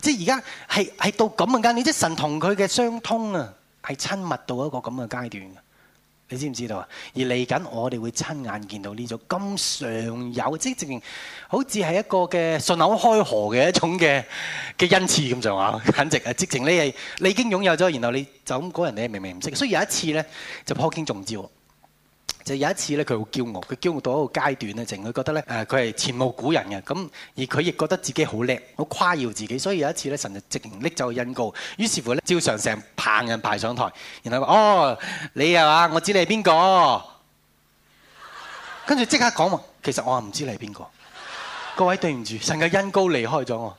即係而家係係到咁嘅階段，即係神同佢嘅相通啊，係親密到一個咁嘅階段。你知唔知道啊？而嚟緊，我哋會親眼見到呢種咁常有，即係直情好似係一個嘅信口開河嘅一種嘅嘅恩賜咁就話，簡直啊！直情呢嘢你已經擁有咗，然後你就咁講人哋明明唔識，所以有一次呢，就仆街中招。就有一次呢，佢好叫我，佢叫我到一個階段呢淨係覺得呢，佢係前無古人嘅。咁而佢亦覺得自己好叻，好誇耀自己，所以有一次呢神就直時拎走個恩高，於是乎呢照常成排人排上台，然後話：哦，你係我知你係邊個？跟住即刻講話，其實我唔知你係邊個。各位對唔住，神嘅恩高離開咗我。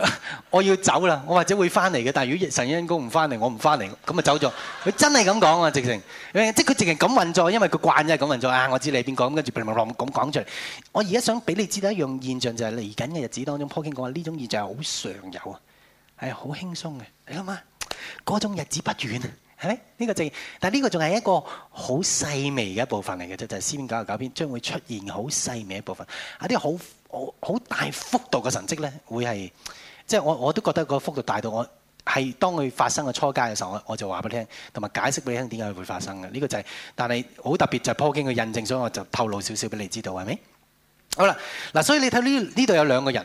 我要走啦，我或者會翻嚟嘅。但係如果神恩公唔翻嚟，我唔翻嚟，咁啊走咗。佢真係咁講啊，直情，即係佢直情咁運作，因為佢慣咗係咁運作啊。我知你係邊個，跟住平平浪浪咁講出嚟。我而家想俾你知道一樣現象，就係嚟緊嘅日子當中，Paul King 講話呢種現象好常有啊，係好輕鬆嘅。你諗下，嗰種日子不遠啊，係咪？呢、這個正、就是，但係呢個仲係一個好細微嘅一部分嚟嘅啫，就係詩篇九十九篇，將會出現好細微一部分，啊啲好好好大幅度嘅神蹟咧，會係。即係我我都覺得個幅度大到我係當佢發生個初階嘅時候，我我就話俾你聽，同埋解釋俾你聽點解會發生嘅。呢、這個就係、是，但係好特別就係、是、聖經嘅印證，所以我就透露少少俾你知道，係咪？好啦，嗱、啊，所以你睇呢呢度有兩個人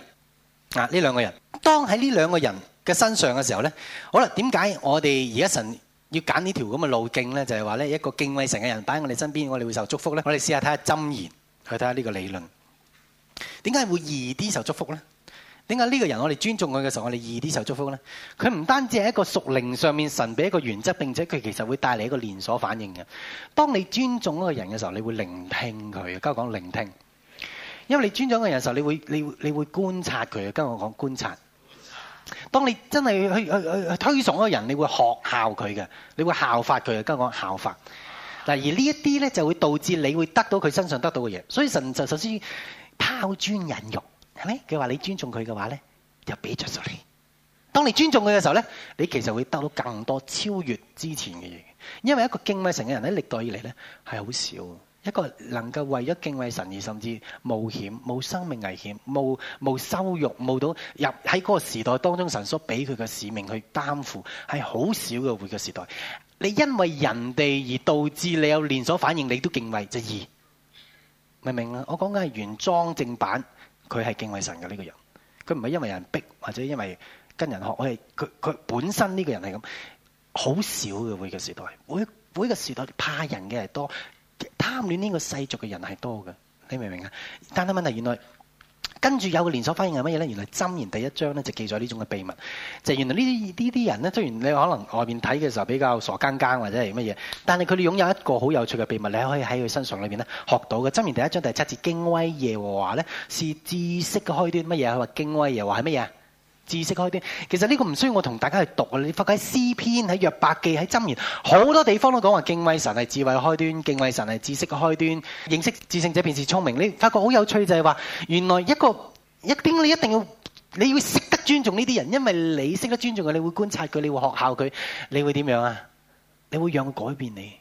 啊，呢兩個人當喺呢兩個人嘅身上嘅時候咧，好啦，點解我哋而家神要揀呢條咁嘅路徑咧？就係話咧，一個敬畏神嘅人擺喺我哋身邊，我哋會受祝福咧。我哋試下睇下箴言，去睇下呢個理論，點解會易啲受祝福咧？點解呢個人我哋尊重佢嘅時候，我哋易啲受祝福咧？佢唔單止係一個屬靈上面神俾一個原則，並且佢其實會帶嚟一個連鎖反應嘅。當你尊重一個人嘅時候，你會聆聽佢，跟我講聆聽。因為你尊重一個人嘅時候，你會你你會觀察佢，跟我講觀察。當你真係去推崇一個人，你會學效佢嘅，你會效法佢嘅，跟我講效法。嗱，而呢一啲咧，就會導致你會得到佢身上得到嘅嘢。所以神就首先拋磚引玉。係咪佢話你尊重佢嘅話呢，就俾着咗你。當你尊重佢嘅時候呢，你其實會得到更多超越之前嘅嘢。因為一個敬畏神嘅人喺歷代以嚟呢，係好少一個能夠為咗敬畏神而甚至冒險、冒生命危險、冒冒羞辱、冒到入喺嗰個時代當中神所俾佢嘅使命去擔負，係好少嘅。活嘅時代，你因為人哋而導致你有連鎖反應，你都敬畏就二明唔明啊？我講緊係原裝正版。佢係敬畏神嘅呢，這個人，佢唔係因為人逼，或者因為跟人學，我係佢佢本身呢個人係咁。好少嘅，每個時代，每每個時代怕人嘅係多，貪戀呢個世俗嘅人係多嘅，你明唔明啊？但係問題原來。跟住有個連鎖反應係乜嘢呢？原來箴言第一章咧就記咗呢種嘅秘密，就是原來呢啲呢啲人呢，雖然你可能外面睇嘅時候比較傻更更或者係乜嘢，但係佢哋擁有一個好有趣嘅秘密，你可以喺佢身上裏邊咧學到嘅。箴言第一章第七字：敬畏耶和華呢是知識嘅開端，乜嘢啊？話敬畏耶和華係乜嘢啊？知識開端，其實呢個唔需要我同大家去讀啊！你發覺喺詩篇、喺約伯記、喺箴言好多地方都講話敬畏神係智慧開端，敬畏神係知識嘅開端。認識至聖者便是聰明。你發覺好有趣就係話，原來一個一啲你一定要你要識得尊重呢啲人，因為你識得尊重佢，你會觀察佢，你會學效佢，你會點樣啊？你會讓佢改變你。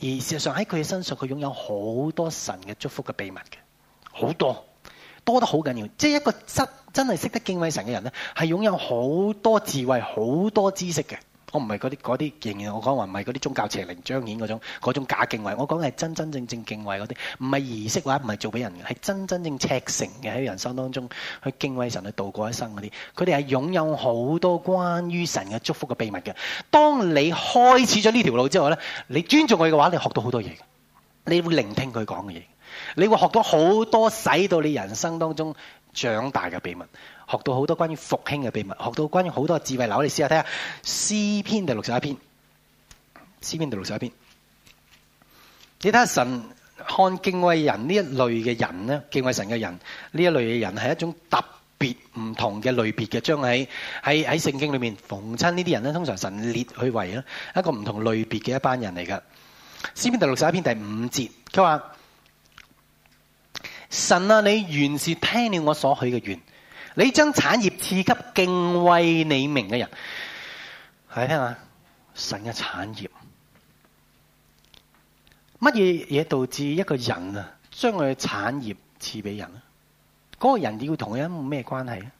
而事實上喺佢嘅身上，佢擁有好多神嘅祝福嘅秘密嘅，好多多得好緊要。即係一個質。真係識得敬畏神嘅人呢，係擁有好多智慧、好多知識嘅。我唔係嗰啲嗰啲，仍然我講話唔係嗰啲宗教邪靈、彰顯嗰種嗰種假敬畏。我講嘅係真真正正敬畏嗰啲，唔係儀式話，唔係做俾人嘅，係真真正赤誠嘅喺人生當中去敬畏神，去度過一生嗰啲。佢哋係擁有好多關於神嘅祝福嘅秘密嘅。當你開始咗呢條路之後呢，你尊重佢嘅話，你學到好多嘢，你會聆聽佢講嘅嘢，你會學到好多，使到你人生當中。長大嘅秘密，學到好多關於復興嘅秘密，學到很關於好多智慧。嗱，我哋試下睇下詩篇第六十一篇。詩篇第六十一篇，你睇下神看敬畏人呢一類嘅人，敬畏神嘅人呢一類嘅人係一種特別唔同嘅類別嘅，將喺喺聖經裏面逢親呢啲人，通常神列去為一個唔同類別嘅一班人嚟㗎。詩篇第六十一篇第五節，佢話。神啊，你原是聽了我所許嘅願，你將產業賜給敬畏你名嘅人，係聽下神嘅產業，乜嘢嘢導致一個人啊，將佢產業賜俾人咧？嗰個人要同佢有咩關係啊？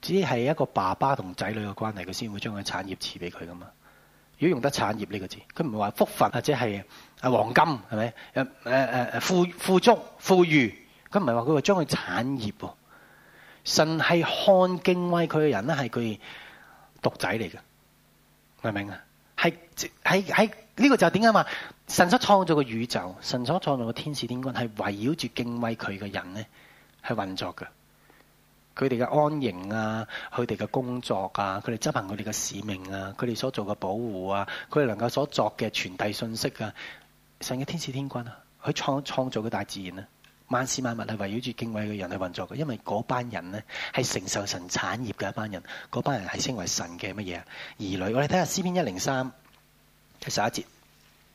只係一個爸爸同仔女嘅關係，佢先會將佢產業賜俾佢噶嘛？如果用得產業呢個字，佢唔係話福分或者係。是是啊！黃金係咪？誒誒誒，富富足富裕，佢唔係話佢話將佢產業喎。神係看敬畏佢嘅人咧，係佢獨仔嚟嘅，明唔明啊？係係係，呢、這個就係點解話神所創造嘅宇宙，神所創造嘅天使天軍係圍繞住敬畏佢嘅人咧，係運作嘅。佢哋嘅安營啊，佢哋嘅工作啊，佢哋執行佢哋嘅使命啊，佢哋所做嘅保護啊，佢哋能夠所作嘅傳遞信息啊。神嘅天使天君啊，佢創創造嘅大自然啊，萬事萬物係圍繞住敬畏嘅人去運作嘅，因為嗰班人咧係承受神產業嘅一班人，嗰班人係稱為神嘅乜嘢啊？兒女。我哋睇下詩篇一零三第十一節，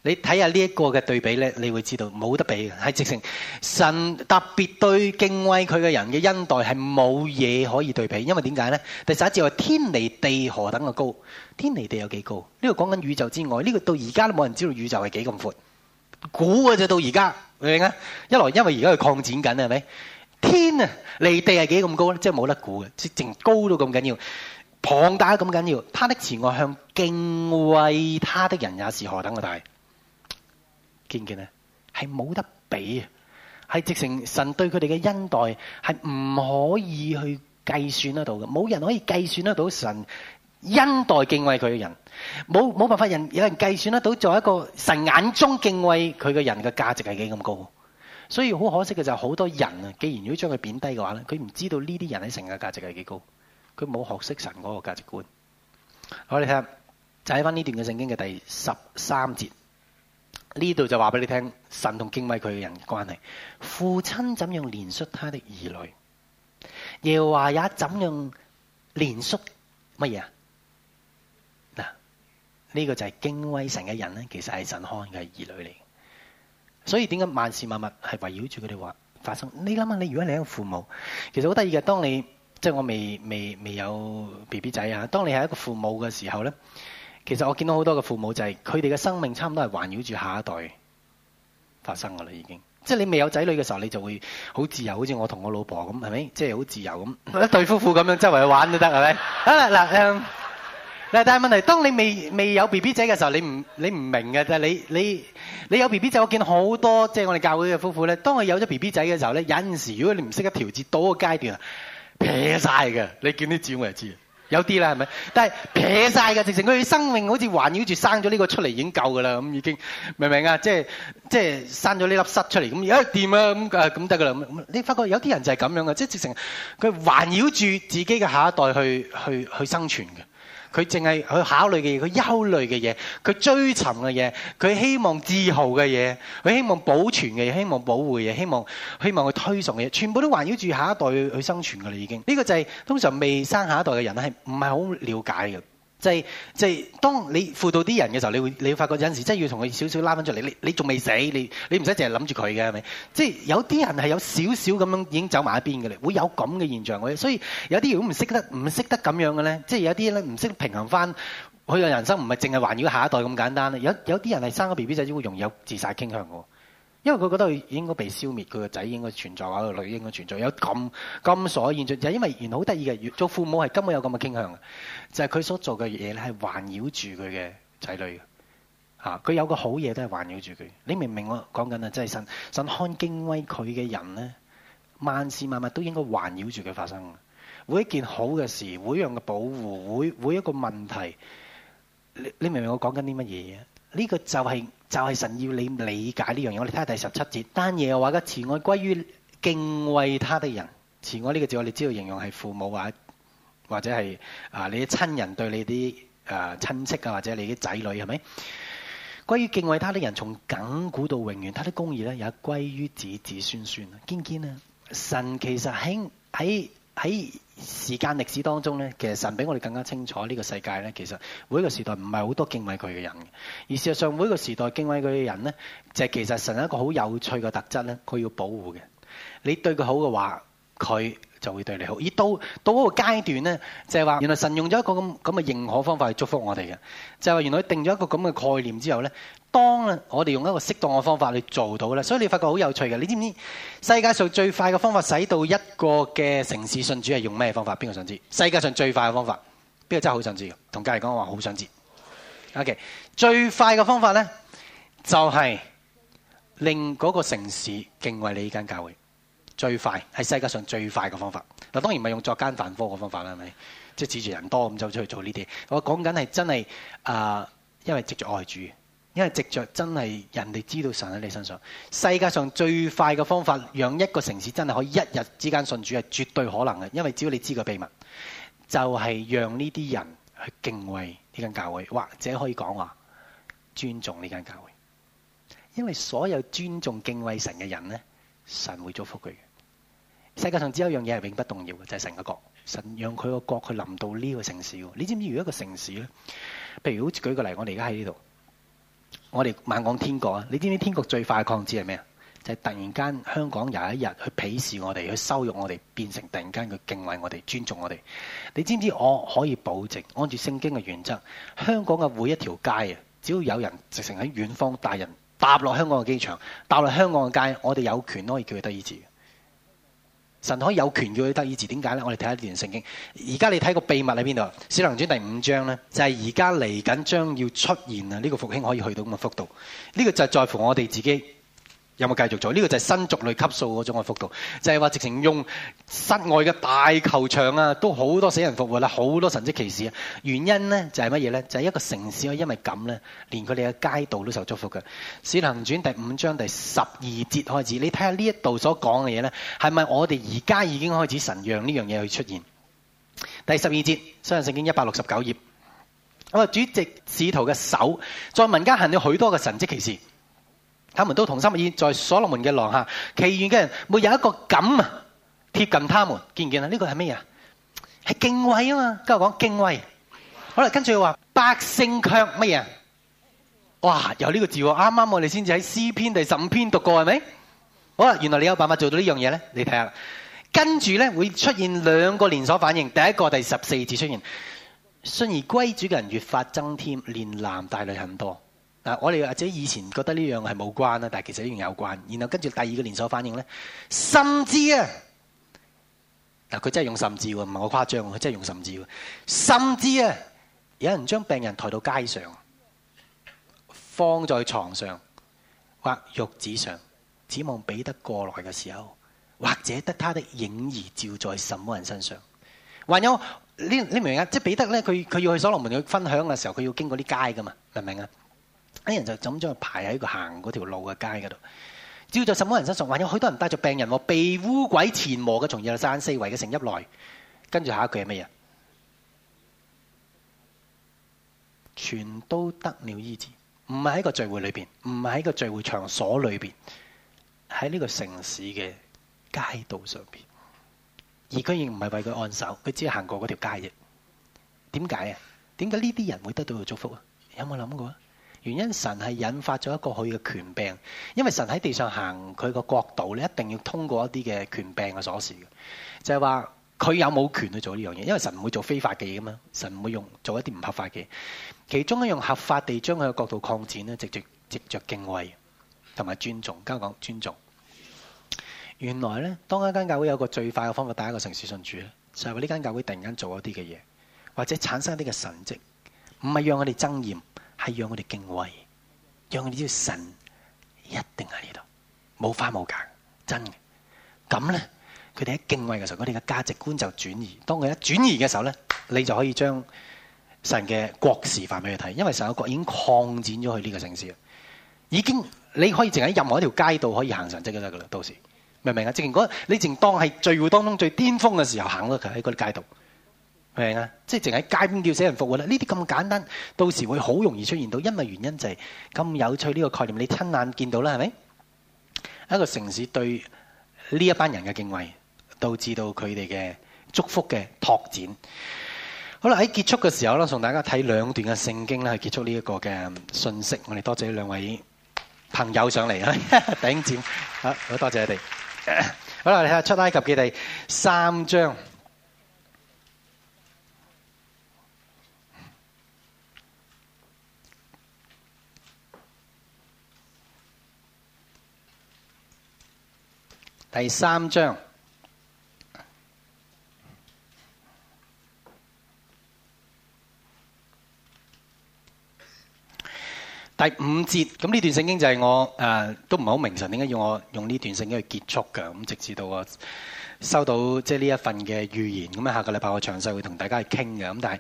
你睇下呢一個嘅對比咧，你會知道冇得比嘅係直情神特別對敬畏佢嘅人嘅恩待係冇嘢可以對比，因為點解咧？第十一節話天離地何等嘅高，天離地有幾高？呢個講緊宇宙之外，呢個到而家都冇人知道宇宙係幾咁闊。估嘅、啊、就到而家，明啊？一來因為而家佢擴展緊啊，係咪？天啊，離地係幾咁高咧？即係冇得估嘅，直情高到咁緊要，龐大咁緊要。他的慈愛向敬畏他的人也是何等嘅大，見唔見咧？係冇得比啊！係直情神對佢哋嘅恩待，係唔可以去計算得到嘅。冇人可以計算得到神。因待敬畏佢嘅人，冇冇辦法有人有人計算得到，作為一個神眼中敬畏佢嘅人嘅價值係幾咁高？所以好可惜嘅就係好多人啊，既然如果將佢貶低嘅話咧，佢唔知道呢啲人喺神嘅價值係幾高，佢冇學識神嗰個價值觀。好，你睇下，就喺翻呢段嘅聖經嘅第十三節，呢度就話俾你聽神同敬畏佢嘅人嘅關係。父親怎樣憐恤他的兒女，耶和華也怎樣憐恤乜嘢啊？呢個就係敬畏神嘅人咧，其實係神看嘅兒女嚟。所以點解萬事萬物係圍繞住佢哋話發生？你諗下，你如果你係一個父母，其實好得意嘅。當你即係我未未未有 B B 仔啊，當你係一個父母嘅時候咧，其實我見到好多嘅父母就係佢哋嘅生命差唔多係環繞住下一代發生噶啦，已經。即係你未有仔女嘅時候，你就會好自由，好似我同我老婆咁，係咪？即係好自由咁，一對夫婦咁樣周圍去玩都得，係咪？啊嗱，但係問題是，當你未未有 B B 仔嘅時候，你唔你唔明嘅。但係你你你有 B B 仔，我見好多即係我哋教會嘅夫婦咧。當佢有咗 B B 仔嘅時候咧，有陣時如果你唔識得調節到個階段啊，撇曬嘅。你見啲姊妹就知，有啲啦係咪？但係撇晒嘅，直情佢生命好似環繞住生咗呢個出嚟已經夠㗎啦。咁已經明唔明、哎、啊？即係即係生咗呢粒塞出嚟咁，而家掂啊咁咁得㗎啦。你發覺有啲人就係咁樣嘅，即係直情佢環繞住自己嘅下一代去去去生存嘅。佢淨係去考慮嘅嘢，佢憂慮嘅嘢，佢追尋嘅嘢，佢希望自豪嘅嘢，佢希望保存嘅嘢，希望保護嘅嘢，希望希望去推崇嘅嘢，全部都環繞住下一代去生存㗎喇。已經呢、這個就係、是、通常未生下一代嘅人係唔係好了解㗎。就係就係，當你輔導啲人嘅時候，你會你會發覺有陣時真係要同佢少少拉翻出嚟。你你仲未死，你你唔使淨係諗住佢嘅，係咪？即係有啲人係有少少咁樣已經走埋一邊嘅咧，會有咁嘅現象嘅。所以有啲如果唔識得唔識得咁樣嘅咧，即係有啲咧唔識平衡翻佢嘅人生，唔係淨係環繞下一代咁簡單。有有啲人係生個 B B 仔，先會容易有自殺傾向嘅。因為佢覺得佢應該被消滅，佢個仔應該存在，個女應該存在，有咁咁傻嘅現象，就係因為原來好得意嘅，做父母係根本有咁嘅傾向嘅，就係、是、佢所做嘅嘢咧係環繞住佢嘅仔女嘅，吓、啊、佢有個好嘢都係環繞住佢。你明唔明我講緊啊？真係神神看敬畏佢嘅人咧，萬事萬物都應該環繞住佢發生。每一件好嘅事，每一樣嘅保護，每每一個問題，你你明唔明我講緊啲乜嘢嘅？呢、這個就係、是。就係神要你理解呢樣嘢，我哋睇下第十七節單嘢嘅話，嘅慈愛歸於敬畏他的人。慈愛呢個字我哋知道形容係父母啊，或者係啊、呃、你啲親人對你啲誒親戚啊，或者你啲仔女係咪？歸於敬畏他的人，從亙古到永遠，他的公義咧也歸於子子孫孫啊，堅堅啊！神其實喺喺。在喺時間歷史當中咧，其實神比我哋更加清楚呢個世界咧。其實每一個時代唔係好多敬畏佢嘅人，而事實上每一個時代敬畏佢嘅人咧，就係其實神係一個好有趣嘅特質咧，佢要保護嘅。你對佢好嘅話，佢就會對你好。而到到嗰個階段咧，就係話原來神用咗一個咁咁嘅認可方法去祝福我哋嘅，就係話原來佢定咗一個咁嘅概念之後咧。當我哋用一個適當嘅方法去做到啦，所以你發覺好有趣嘅。你知唔知世界上最快嘅方法使到一個嘅城市信主係用咩方法？邊個想知？世界上最快嘅方法，邊個真係好想知？同家人講話好想知。OK，最快嘅方法呢，就係、是、令嗰個城市敬畏你呢間教會，最快係世界上最快嘅方法。嗱，當然唔係用作奸犯科嘅方法啦，係咪？即係恃住人多咁就出去做呢啲。我講緊係真係啊、呃，因為藉著愛主。因為直着真係人哋知道神喺你身上。世界上最快嘅方法，讓一個城市真係可以一日之間信主係絕對可能嘅。因為只要你知個秘密，就係讓呢啲人去敬畏呢間教會，或者可以講話尊重呢間教會。因為所有尊重敬畏神嘅人呢，神會祝福佢。世界上只有一樣嘢係永不動搖嘅，就係神嘅國。神讓佢個國去臨到呢個城市。你知唔知？如果一個城市呢，譬如好似舉個例，我哋而家喺呢度。我哋猛講天國啊！你知唔知天國最快嘅擴張係咩啊？就係、是、突然間香港有一日去鄙視我哋，去羞辱我哋，變成突然間佢敬畏我哋、尊重我哋。你知唔知我可以保證，按住聖經嘅原則，香港嘅每一條街啊，只要有人直情喺遠方帶人搭落香港嘅機場，搭落香港嘅街，我哋有權可以叫佢得意志。神可以有權叫佢得以字，點解呢？我哋睇一段聖經。而家你睇個秘密喺邊度？小龍傳第五章咧，就係而家嚟緊將要出現啊！呢個復興可以去到咁嘅幅度，呢個就係在乎我哋自己。有冇繼續做？呢、這個就係新族類級數嗰種嘅服道，就係、是、話直情用室外嘅大球場啊，都好多死人復活啦，好多神蹟奇事啊！原因呢就係乜嘢呢？就係、是、一個城市，因為咁呢，連佢哋嘅街道都受祝福嘅。《使徒行傳》第五章第十二節開始，你睇下呢一度所講嘅嘢呢，係咪我哋而家已經開始神讓呢樣嘢去出現？第十二節，相信聖經一百六十九頁。我話主藉使徒嘅手，在民間行咗許多嘅神蹟奇事。他們都同心協力，在所羅門嘅廊下，其餘嘅人沒有一個敢啊貼近他們，見唔見啊？呢個係咩啊？係敬畏啊嘛！今日講敬畏。好啦，跟住話百姓卻乜嘢？哇！有呢個字喎，啱啱我哋先至喺詩篇第十五篇讀過係咪？好啦，原來你有辦法做到這件事呢樣嘢咧，你睇下。跟住咧會出現兩個連鎖反應，第一個第十四節出現，信而歸主嘅人越發增添，連男帶女很多。嗱，我哋或者以前覺得呢樣係冇關啦，但係其實呢樣有關。然後跟住第二個連鎖反應咧，甚至啊，嗱，佢真係用甚至喎，唔係我誇張喎，佢真係用甚至喎，甚至啊，有人將病人抬到街上，放在床上或褥子上，指望彼得過來嘅時候，或者得他的影兒照在什麼人身上。還有你呢明唔明啊？即係彼得咧，佢佢要去所羅門去分享嘅時候，佢要經過啲街噶嘛？明唔明啊？啲人就咁將佢排喺個行嗰條路嘅街嗰度。照在什麼人身上？還有好多人帶着病人，被污鬼纏磨嘅，從耶路撒冷四圍嘅城邑內，跟住下一句係咩嘢？全都得了醫治。唔係喺個聚會裏面，唔係喺個聚會場所裏面，喺呢個城市嘅街道上面。而佢亦唔係為佢按手，佢只係行過嗰條街啫。點解啊？點解呢啲人會得到佢祝福啊？有冇諗過？原因是神係引發咗一個佢嘅權柄，因為神喺地上行佢個國度咧，一定要通過一啲嘅權柄嘅鎖匙嘅，就係話佢有冇權去做呢樣嘢？因為神唔會做非法嘅嘢噶嘛，神唔會用做一啲唔合法嘅，嘢。其中一樣合法地將佢嘅國度擴展咧，值得值得敬畏同埋尊重。家講尊重，原來咧，當一間教會有個最快嘅方法帶一個城市信主咧，就係話呢間教會突然間做一啲嘅嘢，或者產生一啲嘅神蹟，唔係讓我哋憎厭。係讓我哋敬畏，讓我哋知道神一定喺呢度，冇花冇假，真嘅。咁咧，佢哋喺敬畏嘅時候，佢哋嘅價值觀就轉移。當佢一轉移嘅時候咧，你就可以將神嘅國示範俾佢睇，因為神嘅國已經擴展咗去呢個城市啦，已經你可以淨喺任何一條街道可以行神跡都得噶啦。到時明唔明啊？正係如果你淨當係聚會當中最巔峰嘅時候行咧，就喺嗰啲街道。啊，即係淨喺街邊叫死人復活啦！呢啲咁簡單，到時會好容易出現到，因為原因就係咁有趣，呢個概念，你親眼見到啦，係咪？一個城市對呢一班人嘅敬畏，導致到佢哋嘅祝福嘅拓展。好啦，喺結束嘅時候啦，同大家睇兩段嘅聖經啦，去結束呢一個嘅信息。我哋多謝兩位朋友上嚟啊，頂尖啊，好多謝你哋。好啦，你睇下出埃及記第三章。第三章第五節，咁呢段聖經就係我誒、呃、都唔係好明神點解要我用呢段聖經去結束噶，咁直至到我收到即係呢一份嘅預言，咁啊下個禮拜我詳細會同大家去傾嘅，咁但係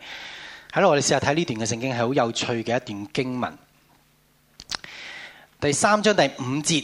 係咯，我哋試下睇呢段嘅聖經，係好有趣嘅一段經文，第三章第五節。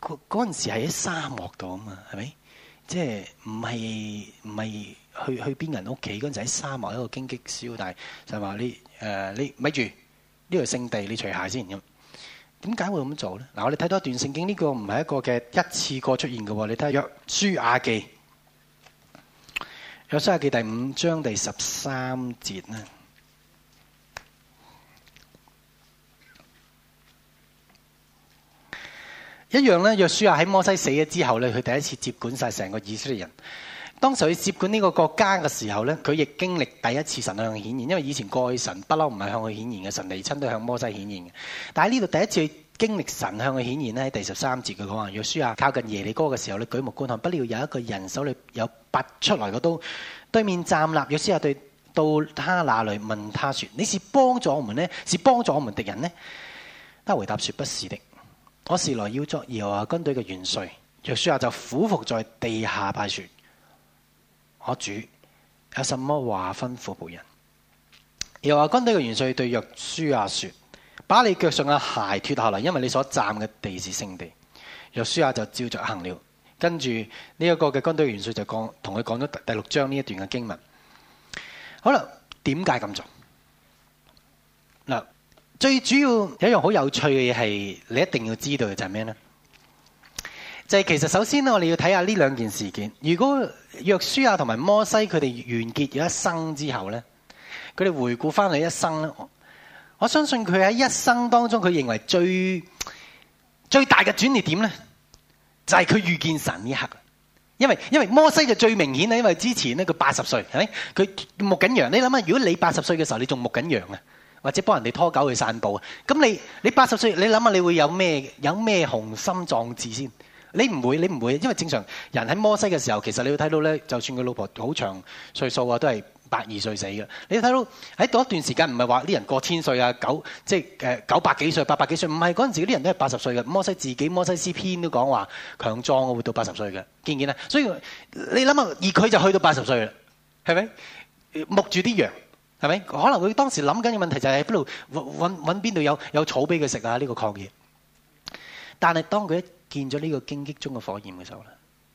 嗰嗰陣時係喺沙漠度啊嘛，係咪？即係唔係唔係去去邊人屋企嗰陣喺沙漠一個荊棘燒，但係就話你誒、呃、你咪住呢個聖地，你除鞋先咁。點解會咁做咧？嗱，我哋睇多一段聖經，呢、呢個唔係一個嘅一次過出現嘅喎。你睇下約書亞記，約書亞記,書記第五章第十三節咧。一樣呢，約書亞喺摩西死咗之後呢，佢第一次接管晒成個以色列人。當時佢接管呢個國家嘅時候呢，佢亦經歷第一次神向嘅顯現，因為以前過去神不嬲唔係向佢顯現嘅，神離親都向摩西顯現嘅。但喺呢度第一次去經歷神向佢顯現呢，喺第十三節佢講話，約書亞靠近耶利哥嘅時候呢，舉目觀看，不料有一個人手裏有拔出來嘅刀，對面站立。約書亞對到他那裏問他說：你是幫助我們呢？是幫助我們敵人呢？他回答說：不是的。我是來要作，耶和華軍隊嘅元帥，約書亞就俯伏在地下拜說：我主，有什麼話吩咐僕人？耶和華軍隊嘅元帥對約書亞說：把你腳上嘅鞋脱下來，因為你所站嘅地是聖地。約書亞就照着行了。跟住呢一個嘅軍隊元帥就講，同佢講咗第六章呢一段嘅經文。好啦，點解咁做？最主要有一樣好有趣嘅嘢係，你一定要知道嘅就係咩呢？就係、是就是、其實首先呢，我哋要睇下呢兩件事件。如果約書亞同埋摩西佢哋完結咗一生之後呢，佢哋回顧翻佢一生咧，我相信佢喺一生當中佢認為最最大嘅轉折點呢，就係佢遇見神呢一刻。因為因為摩西就最明顯咧，因為之前呢，佢八十歲係咪？佢牧緊羊，你諗下，如果你八十歲嘅時候你仲牧緊羊啊？或者幫人哋拖狗去散步，咁你你八十歲，你諗下，你，你會有咩有咩雄心壯志先？你唔會，你唔會，因為正常人喺摩西嘅時候，其實你會睇到咧，就算佢老婆好長歲數啊，都係八二歲死嘅。你會睇到喺嗰一段時間，唔係話啲人過千歲啊，九即係誒九百幾歲、八百幾歲，唔係嗰陣時啲人都係八十歲嘅。摩西自己，摩西詩篇都講話強壯會到八十歲嘅，見唔見咧？所以你諗下，而佢就去到八十歲啦，係咪牧住啲羊？係咪？可能佢當時諗緊嘅問題就係喺邊度揾揾揾，邊度有有草俾佢食啊？呢、這個曠野。但係當佢一見咗呢個荊棘中嘅火焰嘅時候咧，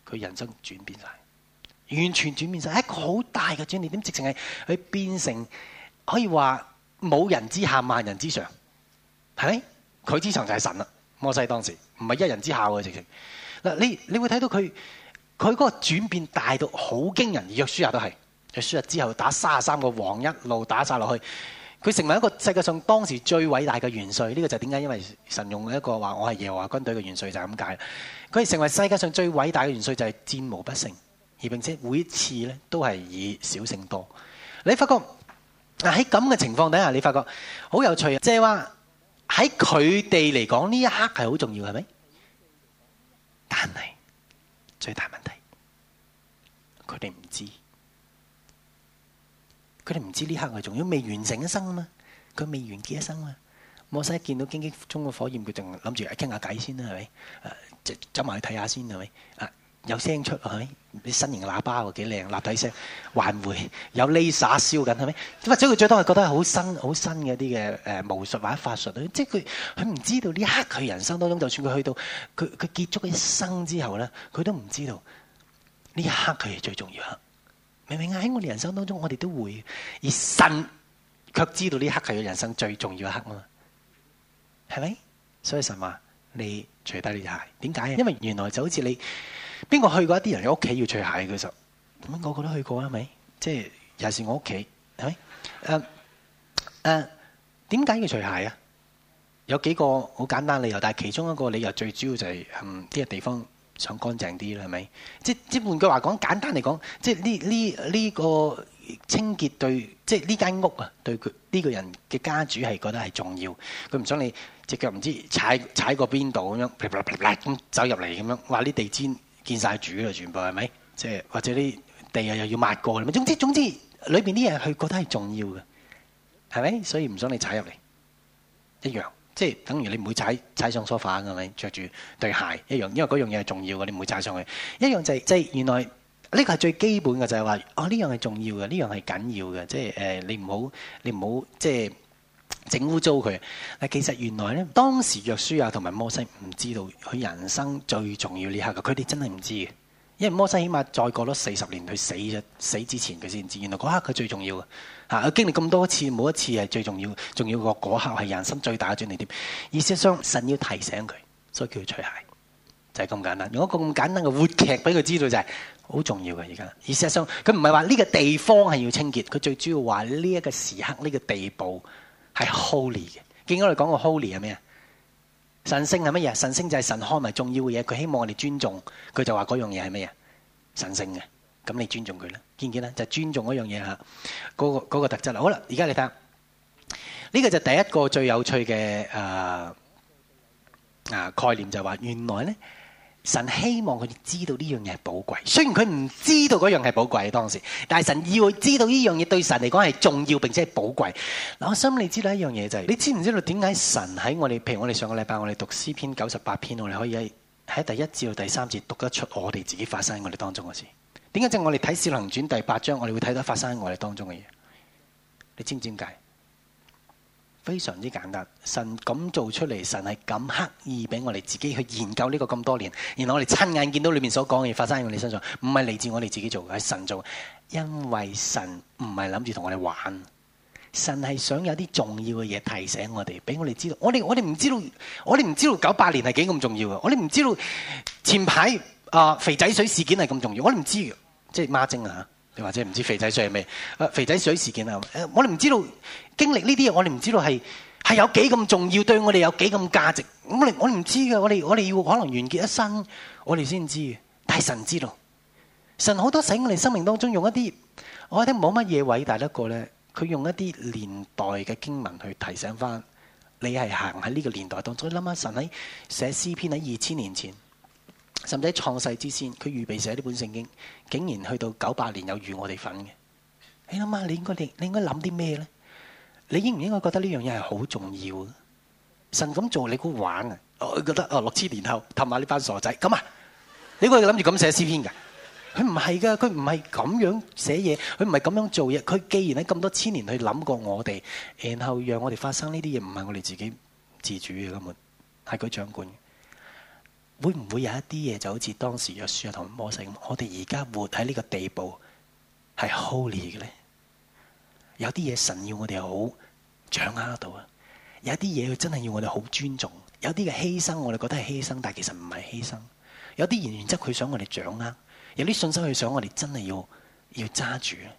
佢人生轉變晒，完全轉變晒。一個好大嘅轉變。點直情係佢變成可以話冇人之下、萬人之上，係咪？佢之上就係神啦。摩西當時唔係一人之下喎，直情嗱，你你會睇到佢佢嗰個轉變大到好驚人。約書亞都係。佢輸入之後打三十三個王一路打晒落去，佢成為一個世界上當時最偉大嘅元帥。呢個就點解？因為神用一個話我係耶和華軍隊嘅元帥就係咁解。佢成為世界上最偉大嘅元帥就係戰無不勝，而並且每一次咧都係以少勝多。你發覺喺咁嘅情況底下，你發覺好有趣啊！即係話喺佢哋嚟講呢一刻係好重要係咪？但係最大問題，佢哋唔知。佢哋唔知呢刻係重要，未完成一生啊嘛，佢未完結一生啊嘛。那我摩西見到荊棘中嘅火焰，佢仲諗住傾下偈先啦，係咪？誒、呃，即走埋去睇下先，係咪？啊，有聲出係咪？啲新型嘅喇叭喎，幾靚，立體聲，還會有 Laser 燒緊，係咪？或者佢最多係覺得係好新、好新嘅啲嘅誒，巫、呃、術或者法術即係佢佢唔知道呢刻佢人生當中，就算佢去到佢佢結束嘅一生之後咧，佢都唔知道呢刻佢係最重要啊。明明喺我哋人生當中，我哋都會，而神卻知道呢刻係人生最重要嘅刻啊嘛，係咪？所以神話你除低你鞋，點解啊？因為原來就好似你邊個去過一啲人嘅屋企要除鞋嘅時候，咁樣個個都去過啊？係咪？即係又是我屋企，係咪？誒誒，點解要除鞋啊？有幾個好簡單理由，但係其中一個理由最主要就係、是、嗯呢個地方。想乾淨啲啦，係咪？即即換句話講，簡單嚟講，即呢呢呢個清潔對，即呢間屋啊，對佢呢個人嘅家主係覺得係重要。佢唔想你隻腳唔知踩踩過邊度咁樣，咁走入嚟咁樣，話啲地氈見曬主啦，全部係咪？即或者啲地又又要抹過，咁總之總之，裏邊啲嘢佢覺得係重要嘅，係咪？所以唔想你踩入嚟一樣。即係等於你唔會踩踩上梳化，係咪？着住對鞋一樣，因為嗰樣嘢係重要嘅，你唔會踩上去。一樣就係、是、即係原來呢、呢個係最基本嘅就係、是、話，哦呢樣係重要嘅，呢樣係緊要嘅。即係誒、呃，你唔好你唔好即係整污糟佢。其實原來咧，當時約書亞同埋摩西唔知道佢人生最重要呢刻嘅，佢哋真係唔知嘅。因為摩西起碼再過多四十年，佢死咗死之前佢先知，原來嗰刻佢最重要嘅。吓！佢經歷咁多次，每一次係最重要，重要個果效係人生最大嘅轉捩點。意思上，神要提醒佢，所以叫佢除鞋，就係咁簡單。如果咁簡單嘅活劇俾佢知道，就係好重要嘅。而家意思上，佢唔係話呢個地方係要清潔，佢最主要話呢一個時刻呢個地步係 holy 嘅。見我哋講個 holy 係咩啊？神聖係乜嘢？神聖就係神看咪重要嘅嘢，佢希望我哋尊重，佢就話嗰樣嘢係乜嘢？神聖嘅。咁你尊重佢啦，見唔見咧、尊重嗰樣嘢嚇，嗰個嗰個特質啦。好啦，而家你睇下，呢個就第一個最有趣嘅、呃、啊啊概念就係話，原來咧神希望佢哋知道呢樣嘢係寶貴。雖然佢唔知道嗰樣係寶貴當時，但係神要知道呢樣嘢對神嚟講係重要並且係寶貴。嗱，我心裏知道一樣嘢就係，你知唔知道點解神喺我哋？譬如我哋上個禮拜我哋讀詩篇九十八篇，我哋可以喺喺第一至到第三節讀得出我哋自己發生喺我哋當中嘅事。點解？就我哋睇《少能傳》第八章，我哋會睇到發生喺我哋當中嘅嘢。你知唔知點解？非常之簡單。神咁做出嚟，神係咁刻意俾我哋自己去研究呢個咁多年。然後我哋親眼見到裏面所講嘅嘢發生喺我哋身上，唔係嚟自我哋自己做嘅，係神做。因為神唔係諗住同我哋玩，神係想有啲重要嘅嘢提醒我哋，俾我哋知道。我哋我哋唔知道，我哋唔知道九八年係幾咁重要嘅。我哋唔知道前排啊肥仔水事件係咁重要，我哋唔知道嘅即係孖精啊你或者唔知肥仔水係咩？啊，肥仔水事件啊！我哋唔知道經歷呢啲嘢，我哋唔知道係係有幾咁重要，對我哋有幾咁價值。我哋我哋唔知嘅，我哋我哋要可能完結一生，我哋先知嘅，但係神知道，神好多時我哋生命當中用一啲，我覺得冇乜嘢偉大得過咧。佢用一啲年代嘅經文去提醒翻你係行喺呢個年代當中。諗下神喺寫詩篇喺二千年前，甚至喺創世之先，佢預備寫呢本聖經。竟然去到九八年有預我哋份嘅，你諗下，你應該你你應該諗啲咩咧？你應唔應該覺得呢樣嘢係好重要？神咁做你估玩啊？我覺得哦，六千年後氹下呢班傻仔咁啊！你估諗住咁寫詩篇㗎？佢唔係噶，佢唔係咁樣寫嘢，佢唔係咁樣做嘢。佢既然喺咁多千年去諗過我哋，然後讓我哋發生呢啲嘢，唔係我哋自己自主嘅根本，係佢掌管嘅。會唔會有一啲嘢，就好似當時約書亞同摩西，咁？我哋而家活喺呢個地步，係 Holy 嘅咧。有啲嘢神要我哋好掌握得到啊！有啲嘢佢真係要我哋好尊重，有啲嘅犧牲我哋覺得係犧牲，但係其實唔係犧牲。有啲原則佢想我哋掌握，有啲信心佢想我哋真係要要揸住啊！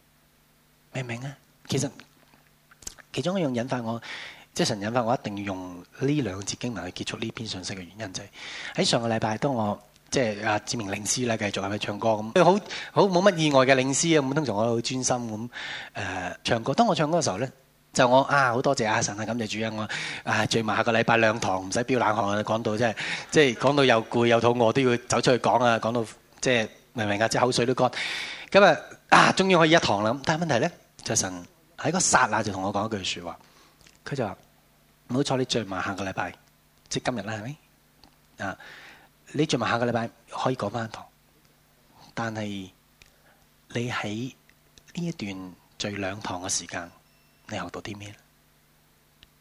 明唔明啊？其實其中一樣引發我。即係神引發我一定要用呢兩節經文去結束呢篇信息嘅原因就在，就係喺上個禮拜，當我即係阿志明領師咧繼續喺度唱歌咁，即好好冇乜意外嘅領師啊！咁通常我好專心咁誒、呃、唱歌。當我唱歌嘅時候咧，就我啊好多謝阿、啊、神啊，感謝主啊，我啊最埋下個禮拜兩堂唔使飆冷汗啊，講到、就是、即係即係講到又攰又肚餓都要走出去講啊，講到即係明唔明啊，即係口水都乾。今日啊終於可以一堂啦！但係問題咧就是、神喺個剎那就同我講一句説話。佢就話：唔好彩，你聚埋下個禮拜，即今日啦，係咪？啊，你聚埋下個禮拜可以講返一堂，但係你喺呢一段聚兩堂嘅時間，你學到啲咩咧？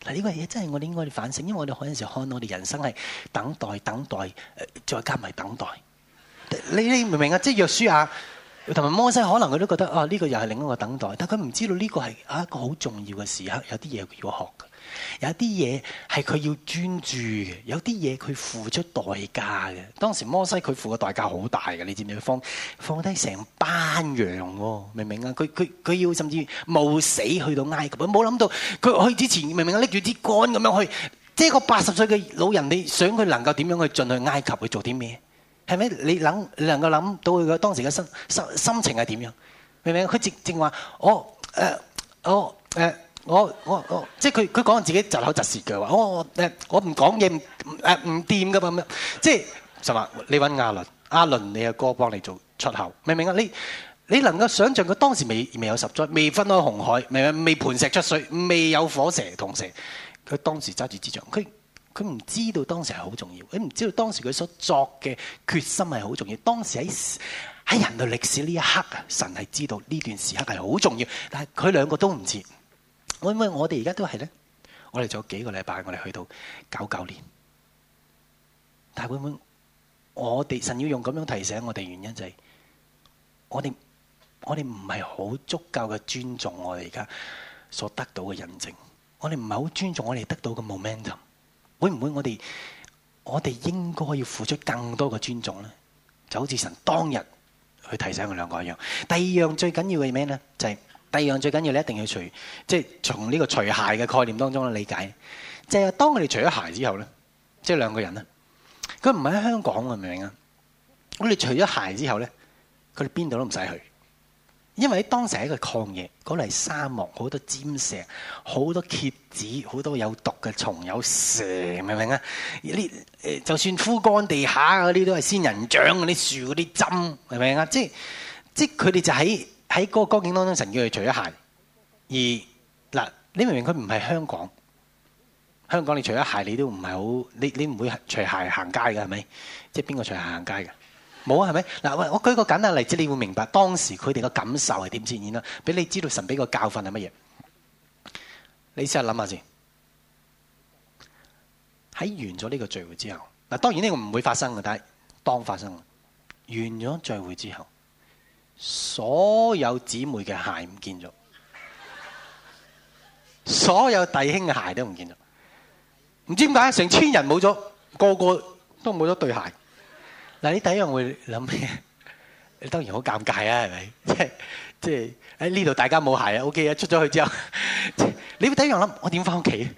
嗱，呢個嘢真係我哋應該反省，因為我哋嗰陣時看到我哋人生係等待、等待，呃、再加埋等待。你你明唔明啊？即約書亞。同埋摩西可能佢都覺得啊，呢個又係另一個等待，但佢唔知道呢個係一個好重要嘅時刻，有啲嘢佢要學嘅，有啲嘢係佢要專注嘅，有啲嘢佢付出代價嘅。當時摩西佢付嘅代價好大嘅，你知唔知道佢放放低成班羊喎？明唔明啊？佢佢佢要甚至冒死去到埃及，佢冇諗到佢去之前，明唔明拎住支竿咁樣去，即係個八十歲嘅老人，你想佢能夠點樣去進去埃及去做啲咩？係咪你諗你能夠諗到佢當時嘅心心心情係點樣？明唔明？佢直情話我誒我誒我我我即係佢佢講自己窒口窒舌嘅話，我誒我唔講嘢唔誒唔掂㗎噉樣，即係就話，你揾亞倫亞倫你阿哥幫你做出口，明唔明啊？你你能夠想像佢當時未未有十災，未分開紅海，明唔明？未盤石出水，未有火蛇同蛇，佢當時揸住支杖，佢。佢唔知道當時係好重要，佢唔知道當時佢所作嘅決心係好重要。當時喺喺人類歷史呢一刻啊，神係知道呢段時刻係好重要。但係佢兩個都唔知道。會唔會我哋而家都係咧？我哋仲有幾個禮拜，我哋去到九九年。但係會唔會我哋神要用咁樣提醒我哋？原因就係我哋我哋唔係好足夠嘅尊重我哋而家所得到嘅印證。我哋唔係好尊重我哋得到嘅 momentum。會唔會我哋我哋應該要付出更多嘅尊重咧？就好似神當日去提醒佢兩個一樣。第二樣最緊要嘅係咩咧？就係第二樣最緊要，你一定要除，即係從呢個除鞋嘅概念當中嘅理解。就係當佢哋除咗鞋之後咧，即係兩個人咧，佢唔喺香港啊，明唔明啊？佢哋除咗鞋之後咧，佢哋邊度都唔使去。因為喺當時係一個曠野嗰嚟沙漠，好多尖石，好多蠍子，好多有毒嘅蟲，有蛇，明唔明啊？呢誒就算枯乾地下嗰啲都係仙人掌嗰啲樹嗰啲針，明唔明啊？即係即係佢哋就喺喺嗰個光景當中，神叫佢除咗鞋。而嗱，你明唔明佢唔係香港？香港你除咗鞋你都唔係好，你你唔會除鞋行街嘅係咪？即係邊個除鞋行街㗎？冇啊，係咪？嗱，喂，我舉個簡單例子，你會明白當時佢哋嘅感受係點展現啦，俾你知道神俾個教訓係乜嘢。你試下諗下先。喺完咗呢個聚會之後，嗱，當然呢個唔會發生嘅，但係當發生。完咗聚會之後，所有姊妹嘅鞋唔見咗，所有弟兄嘅鞋都唔見咗，唔知點解成千人冇咗，個個都冇咗對鞋。嗱、就是就是就是，你第一樣會諗咩？你當然好尷尬啊，係咪？即係即係喺呢度大家冇鞋啊，O K 啊，出咗去之後，你會第一樣諗，我點返屋企？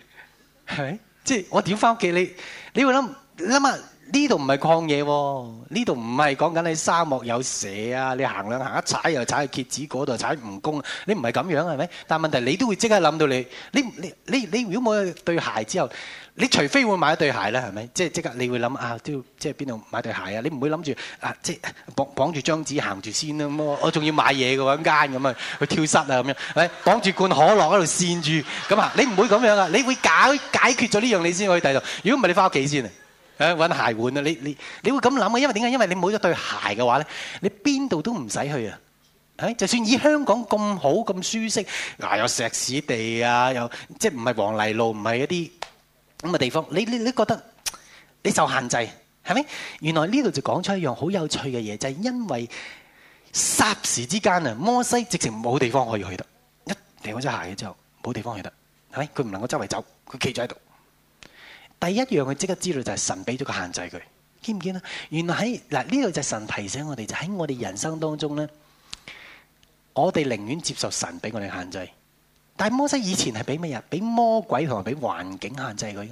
係咪？即係我點返屋企？你你會諗諗呢度唔係曠野喎，呢度唔係講緊你沙漠有蛇啊，你行兩行踩一踩又踩去蠍子嗰度，那踩蜈蚣，你唔係咁樣係咪？但問題係你都會即刻諗到你，你你你你，你如果冇對鞋之後，你除非會買一對鞋啦，係咪？即係即刻你會諗啊，都要即係邊度買對鞋啊？你唔會諗住啊，即係綁住張紙行住先啦，咁我仲要買嘢嘅喎，咁間咁啊，去跳失啊咁樣，係綁住罐可樂喺度纏住咁啊！你唔會咁樣啊？你會解解決咗呢樣你先去第二度。如果唔係，你返屋企先啊！誒揾鞋換啦！你你你會咁諗嘅，因為點解？因為你冇咗對鞋嘅話咧，你邊度都唔使去啊！誒，就算以香港咁好咁舒適，嗱，有石屎地啊，有即係唔係黃泥路，唔係一啲咁嘅地方，你你你覺得你受限制係咪？原來呢度就講出一樣好有趣嘅嘢，就係因為霎時之間啊，摩西直情冇地方可以去得，一掉咗隻鞋之後冇地方去得，係咪？佢唔能夠周圍走，佢企咗喺度。第一樣佢即刻知道就係神畀咗個限制佢，見唔見？原來喺嗱呢度就是神提醒我哋，就喺、是、我哋人生當中呢，我哋寧願接受神畀我哋限制，但係摩西以前係畀咩人？俾魔鬼同埋俾環境限制佢。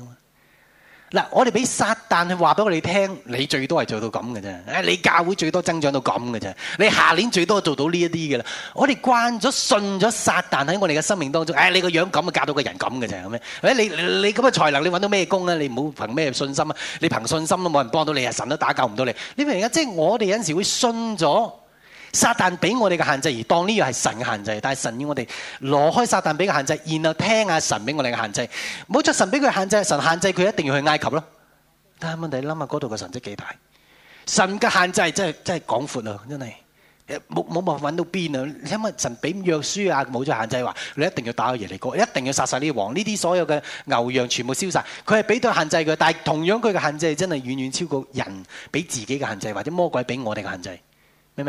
嗱，我哋俾撒旦去話俾我哋聽，你最多係做到咁嘅啫。你教會最多增長到咁嘅啫。你下年最多做到呢一啲嘅喇。我哋慣咗、信咗撒旦喺我哋嘅生命當中。誒、哎，你個樣咁嫁到個人咁嘅啫。係咁你，你咁嘅才能你搵到咩工啊？你唔好憑咩信心啊？你憑信心都冇人幫到你，神都打救唔到你。你明唔明？即係我哋有時會信咗。撒旦俾我哋嘅限制而當呢樣係神嘅限制，但係神要我哋攞開撒旦俾嘅限制，然後聽下神俾我哋嘅限制。冇錯，神俾佢限制，神限制佢一定要去埃及咯。但係問題諗下嗰度嘅神跡幾大？神嘅限制真係真係廣闊啊！真係冇冇辦法揾到邊啊。因為神俾約書亞，冇咗限制話，你一定要打去耶利哥，一定要殺晒呢啲王，呢啲所有嘅牛羊全部燒曬。佢係俾到限制佢，但係同樣佢嘅限制真係遠遠超過人俾自己嘅限制，或者魔鬼俾我哋嘅限制。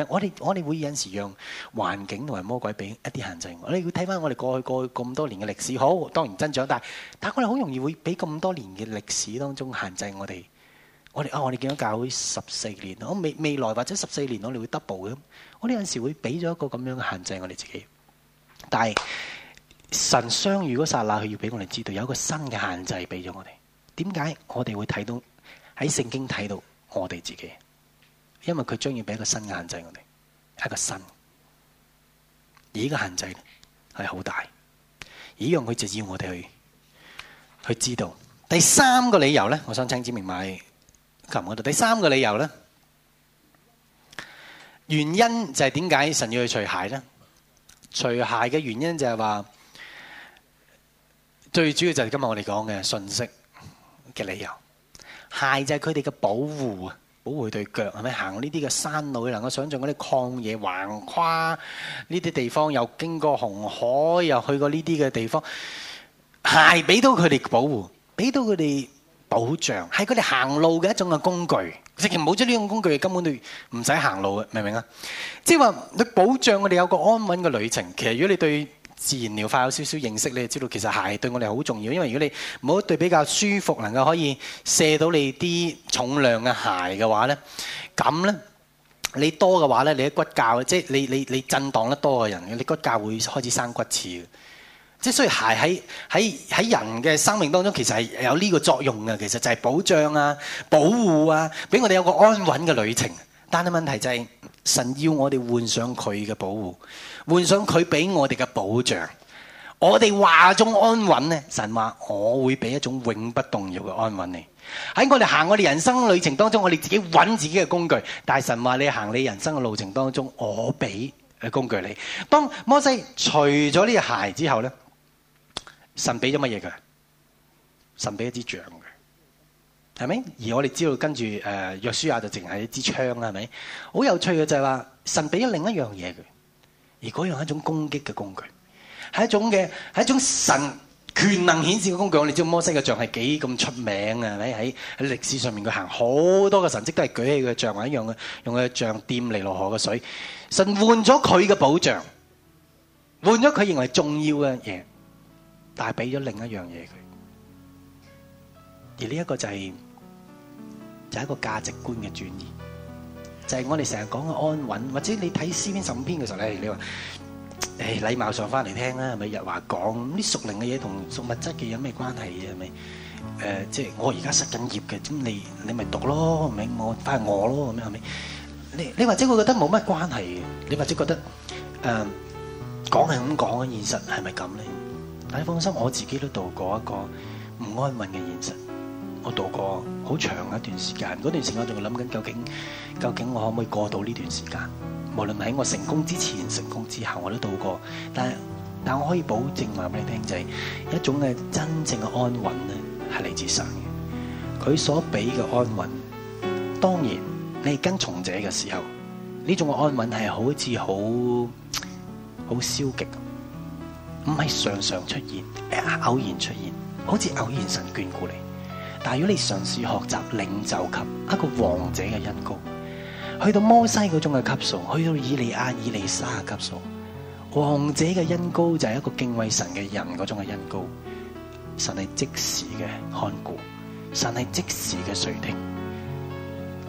我哋我哋會有時讓環境同埋魔鬼俾一啲限制我哋，我哋會睇翻我哋過去過咁多年嘅歷史，好當然增長大，但係我哋好容易會俾咁多年嘅歷史當中限制我哋，我哋啊、哦、我哋見咗教會十四年，我未未來或者十四年我哋會 double 嘅，我哋有時會俾咗一個咁樣嘅限制我哋自己，但係神相遇嗰剎那，佢要俾我哋知道有一個新嘅限制俾咗我哋，點解我哋會睇到喺聖經睇到我哋自己？因為佢鍾意畀一個新嘅限制我哋，一個新而呢個限制係好大，而用佢就要我哋去去知道。第三個理由呢，我想親自明埋琴嗰度。第三個理由呢，原因就係點解神要去除鞋呢？除鞋嘅原因就係話，最主要就係今日我哋講嘅信息嘅理由，鞋就係佢哋嘅保護保護對腳係咪行呢啲嘅山路？能夠想象嗰啲曠野橫跨呢啲地方，又經過紅海，又去過呢啲嘅地方，鞋俾到佢哋保護，俾到佢哋保障，係佢哋行路嘅一種嘅工具。直情冇咗呢種工具，根本就唔使行路嘅，明唔明啊？即係話你保障我哋有個安穩嘅旅程。其實如果你對自然療法有少少認識，你就知道其實鞋對我哋好重要。因為如果你冇一對比較舒服，能夠可以卸到你啲重量嘅鞋嘅話咧，咁咧你多嘅話咧，你啲骨骼即係你你你震盪得多嘅人，你骨骼會開始生骨刺嘅。即係所以鞋喺喺喺人嘅生命當中，其實係有呢個作用嘅。其實就係保障啊、保護啊，俾我哋有個安穩嘅旅程。但係問題就係、是、神要我哋換上佢嘅保護。換上佢俾我哋嘅保障，我哋話中安穩呢。神話我會俾一種永不動搖嘅安穩你。喺我哋行我哋人生旅程當中，我哋自己揾自己嘅工具。但神話你行你人生嘅路程當中，我俾工具你。當摩西除咗呢個鞋之後呢，神俾咗乜嘢佢？神俾一支杖佢，係咪？而我哋知道跟住誒，約、呃、書亞就淨係一支槍啦，係咪？好有趣嘅就係、是、話，神俾咗另一樣嘢佢。而嗰樣係一種攻擊嘅工具，係一種嘅，係一種神權能顯示嘅工具，我哋知道摩西嘅杖係幾咁出名啊！喺喺歷史上面佢行好多嘅神蹟，都係舉起佢嘅杖，或一樣嘅，用佢嘅杖掂嚟落河嘅水。神換咗佢嘅寶杖，換咗佢認為重要嘅嘢，但係俾咗另一樣嘢佢。而呢一個就係就係一個價值觀嘅轉移。就係我哋成日講嘅安穩，或者你睇《詩篇》十五篇嘅時候咧，你話，誒禮貌上翻嚟聽啦，係咪日華講？咁啲屬靈嘅嘢同屬物質嘅有咩關係啫？係咪？誒，即係我而家失緊業嘅，咁你你咪讀咯，唔明我翻係我咯，咁樣係咪？你你或者覺得冇乜關係嘅，你或者覺得誒講係咁講嘅現實係咪咁咧？但你放心，我自己都度過一個唔安穩嘅現實。我度過好長一段時間，嗰段時間我仲諗緊究竟究竟我可唔可以過到呢段時間？無論喺我成功之前、成功之後，我都度過。但係但我可以保證話俾你聽，就係、是、一種嘅真正嘅安穩咧，係嚟自神嘅。佢所俾嘅安穩，當然你係跟從者嘅時候，呢種嘅安穩係好似好好消極，唔係常常出現，偶然出現，好似偶然神眷顧你。但如果你嘗試學習領袖級一個王者嘅恩膏，去到摩西嗰種嘅級數，去到以利亞、以利沙嘅級數，王者嘅恩膏就係一個敬畏神嘅人嗰種嘅恩膏。神係即時嘅看顧，神係即時嘅垂聽。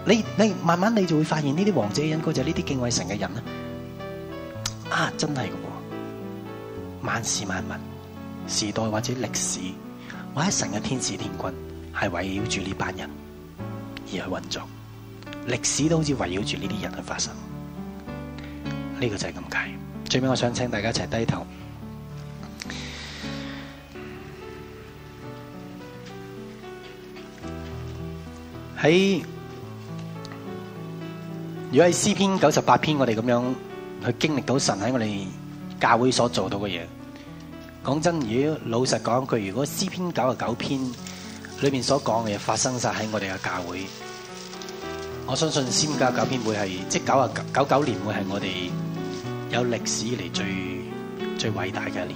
你你慢慢你就會發現呢啲王者嘅恩膏就係呢啲敬畏神嘅人啦。啊，真係㗎喎！萬事萬物、時代或者歷史，或者神嘅天使天軍，係圍繞住呢班人而去運作，歷史都好似圍繞住呢啲人去發生。呢個就係咁解。最尾我想請大家一齊低頭。喺如果喺詩篇九十八篇，我哋咁樣去經歷到神喺我哋教會所做到嘅嘢，講真，如果老實講，句，如果詩篇九十九篇。裏面所講嘅嘢，發生晒喺我哋嘅教會，我相信先教教編會係即係九啊九九年會係我哋有歷史以嚟，最最偉大嘅一年。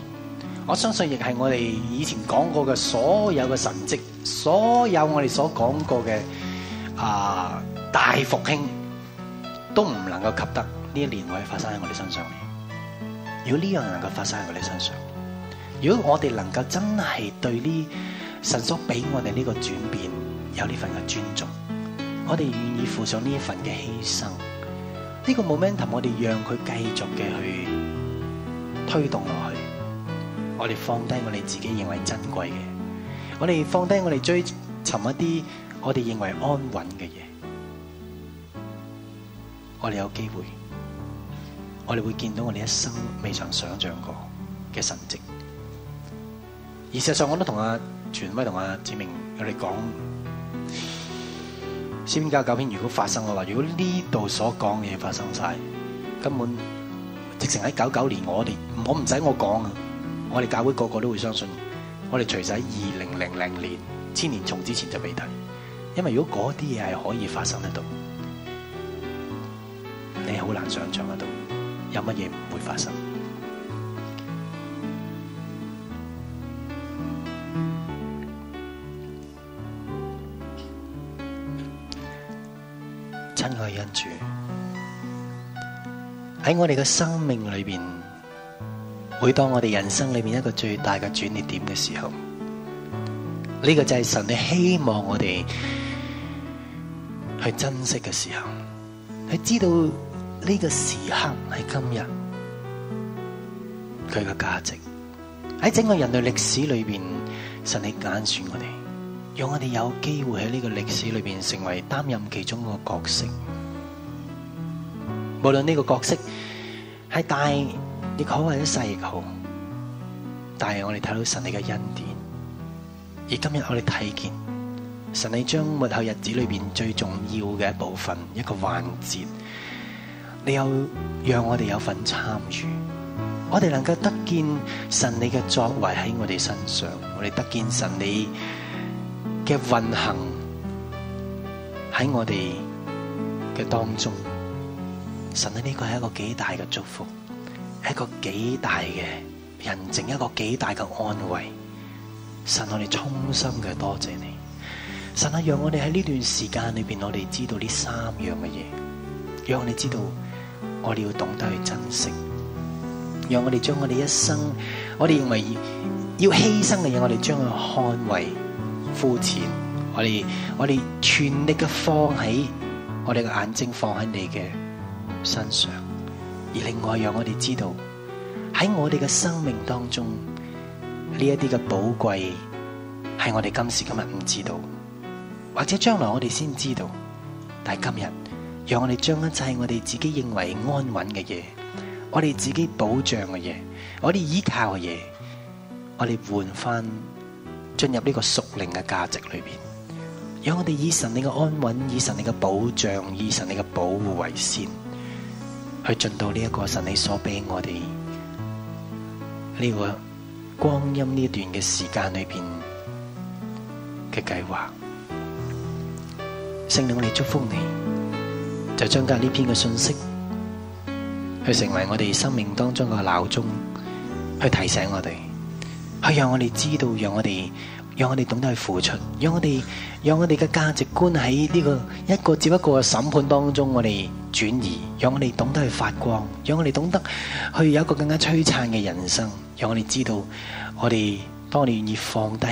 我相信亦係我哋以前講過嘅所有嘅神蹟，所有我哋所講過嘅啊大復興，都唔能夠及得呢一年會發生喺我哋身上面。如果呢樣能夠發生喺我哋身上，如果我哋能夠真係對呢？神所俾我哋呢個轉變，有呢份嘅尊重，我哋願意付上呢一份嘅犧牲。呢、這個 moment，、um、我哋讓佢繼續嘅去推動落去。我哋放低我哋自己認為珍貴嘅，我哋放低我哋追尋一啲我哋認為安穩嘅嘢。我哋有機會，我哋會見到我哋一生未曾想象過嘅神迹。而事實上，我都同阿。全威同阿志明我哋講，先教九片，如果發生嘅話，如果呢度所講嘅嘢發生晒，根本直情喺九九年我哋我唔使我講啊，我哋教會個個都會相信，我哋除晒二零零零年千年蟲之前就被提，因為如果嗰啲嘢係可以發生得到，你好難想象得到有乜嘢唔會發生。喺我哋嘅生命裏邊，每當我哋人生裏邊一個最大嘅轉折點嘅時候，呢個就係神你希望我哋去珍惜嘅時候，去知道呢個時刻係今日佢嘅價值。喺整個人類歷史裏邊，神嚟揀選我哋，讓我哋有機會喺呢個歷史裏邊成為擔任其中一個角色。無論呢個角色係大亦好，或者細亦好，但係我哋睇到神你嘅恩典。而今日我哋睇見神你將末後日子裏邊最重要嘅一部分，一個環節，你又讓我哋有份參與，我哋能夠得見神你嘅作為喺我哋身上，我哋得見神你嘅運行喺我哋嘅當中。神呢個係一個幾大嘅祝福，係一個幾大嘅寧靜，一個幾大嘅安慰。神啊，我哋衷心嘅多謝你。神啊，讓我哋喺呢段時間裏邊，我哋知道呢三樣嘅嘢，讓我哋知道我哋要懂得去珍惜，讓我哋將我哋一生，我哋認為要犧牲嘅嘢，我哋將佢看為膚淺。我哋我哋全力嘅放喺我哋嘅眼睛，放喺你嘅。身上，而另外讓我哋知道喺我哋嘅生命當中呢一啲嘅寶貴，係我哋今時今日唔知道，或者將來我哋先知道。但係今日，讓我哋將一切我哋自己認為安穩嘅嘢，我哋自己保障嘅嘢，我哋依靠嘅嘢，我哋換翻進入呢個屬靈嘅價值裏邊，讓我哋以神你嘅安穩、以神你嘅保障、以神你嘅保護為先。去進到呢一個神你所俾我哋呢個光陰呢段嘅時間裏邊嘅計劃，聖靈嚟祝福你，就將呢篇嘅信息，去成為我哋生命當中嘅鬧鐘，去提醒我哋，去讓我哋知道，讓我哋。讓我哋懂得去付出，讓我哋，讓我哋嘅價值觀喺呢個一個接一個嘅審判當中，我哋轉移，讓我哋懂得去發光，讓我哋懂得去有一個更加璀璨嘅人生，讓我哋知道，我哋當我哋願意放低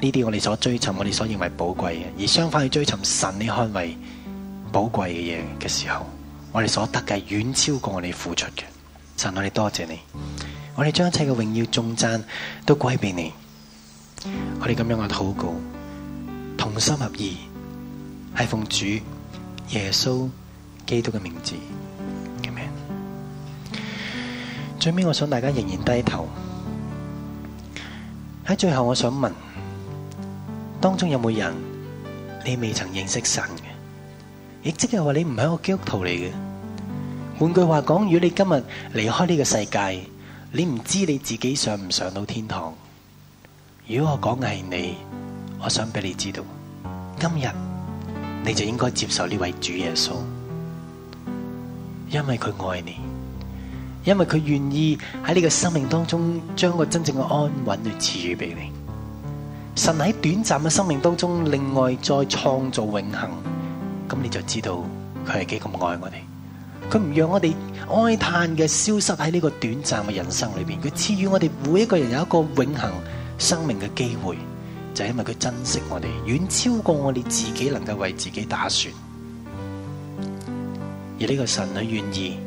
呢啲我哋所追尋、我哋所認為寶貴嘅，而相反去追尋神你捍衛寶貴嘅嘢嘅時候，我哋所得嘅遠超過我哋付出嘅。神，我哋多謝你。我哋將一切嘅榮耀頌讚都歸俾你，我哋咁樣嘅禱告，同心合意，係奉主耶穌基督嘅名字，阿們。最尾我想大家仍然低頭。喺最後，我想問，當中有冇人你未曾認識神嘅？亦即係話你唔係一個基督徒嚟嘅。換句話講，如果你今日離開呢個世界，你唔知你自己上唔上到天堂？如果我講嘅係你，我想俾你知道，今日你就應該接受呢位主耶穌，因為佢愛你，因為佢願意喺你嘅生命當中將個真正嘅安穩去賜予俾你。神喺短暫嘅生命當中，另外再創造永恒，咁你就知道佢係幾咁愛我哋。佢唔讓我哋哀嘆嘅消失喺呢個短暫嘅人生裏邊，佢賜予我哋每一個人有一個永恆生命嘅機會，就係因為佢珍惜我哋，遠超過我哋自己能夠為自己打算。而呢個神佢願意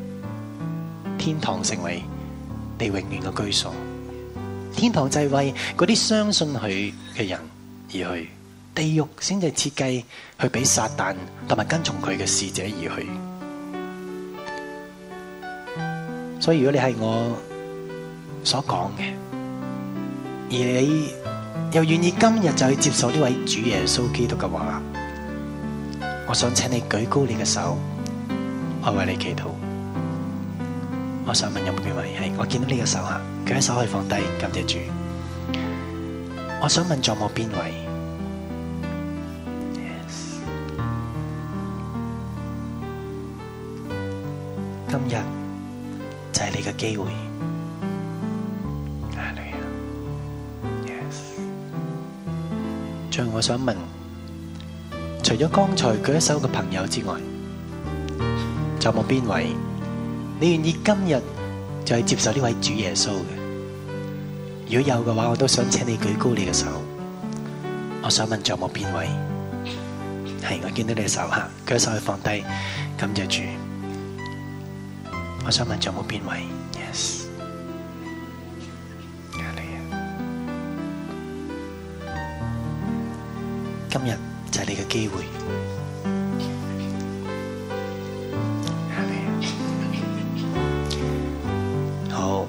天堂成為地永遠嘅居所，天堂就係為嗰啲相信佢嘅人而去，地獄先至設計去俾撒旦同埋跟從佢嘅使者而去。所以如果你係我所講嘅，而你又願意今日就去接受呢位主耶穌基督嘅話，我想請你舉高你嘅手，我為你祈禱。我想問有冇邊位係我見到呢個手啊？舉起手可以放低，感謝主。我想問仲有冇邊位 Yes，今日？就係你嘅機會，係你啊，yes。最後我想問，除咗剛才舉一手嘅朋友之外，仲有冇邊位你願意今日就係接受呢位主耶穌嘅？如果有嘅話，我都想請你舉高你嘅手。我想問有有，仲有冇邊位？係我見到你嘅手吓，舉手可以放低，感謝主。我想問仲有冇邊位。Yes。今日就係你嘅機會。好。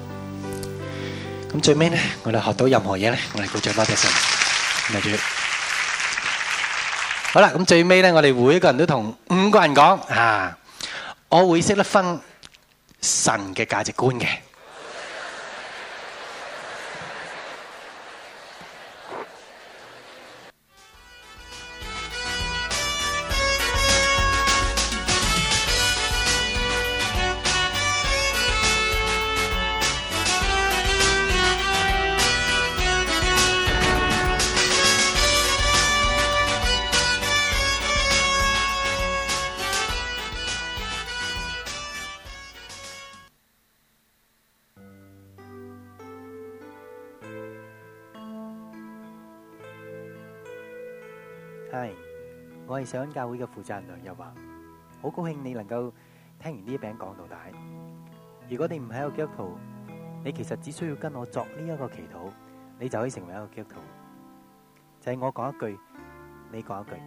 咁最尾呢，我哋學到任何嘢呢，我哋鼓掌多謝神。唔該主席。好啦，咁最尾呢，我哋每一個人都同五個人講啊，我會識得分。神嘅價值觀嘅。教會嘅負責人梁又話：好高興你能夠聽完呢一餅講道帶。如果你唔係一個基督徒，你其實只需要跟我作呢一個祈禱，你就可以成為一個基督徒。就係我講一句，你講一句，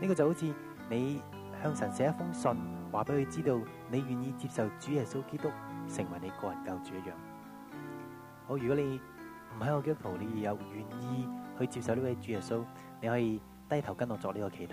呢個就好似你向神寫一封信，話俾佢知道你願意接受主耶穌基督成為你個人救主一樣。好，如果你唔係一個基督徒，你又願意去接受呢位主耶穌，你可以低頭跟我作呢個祈禱。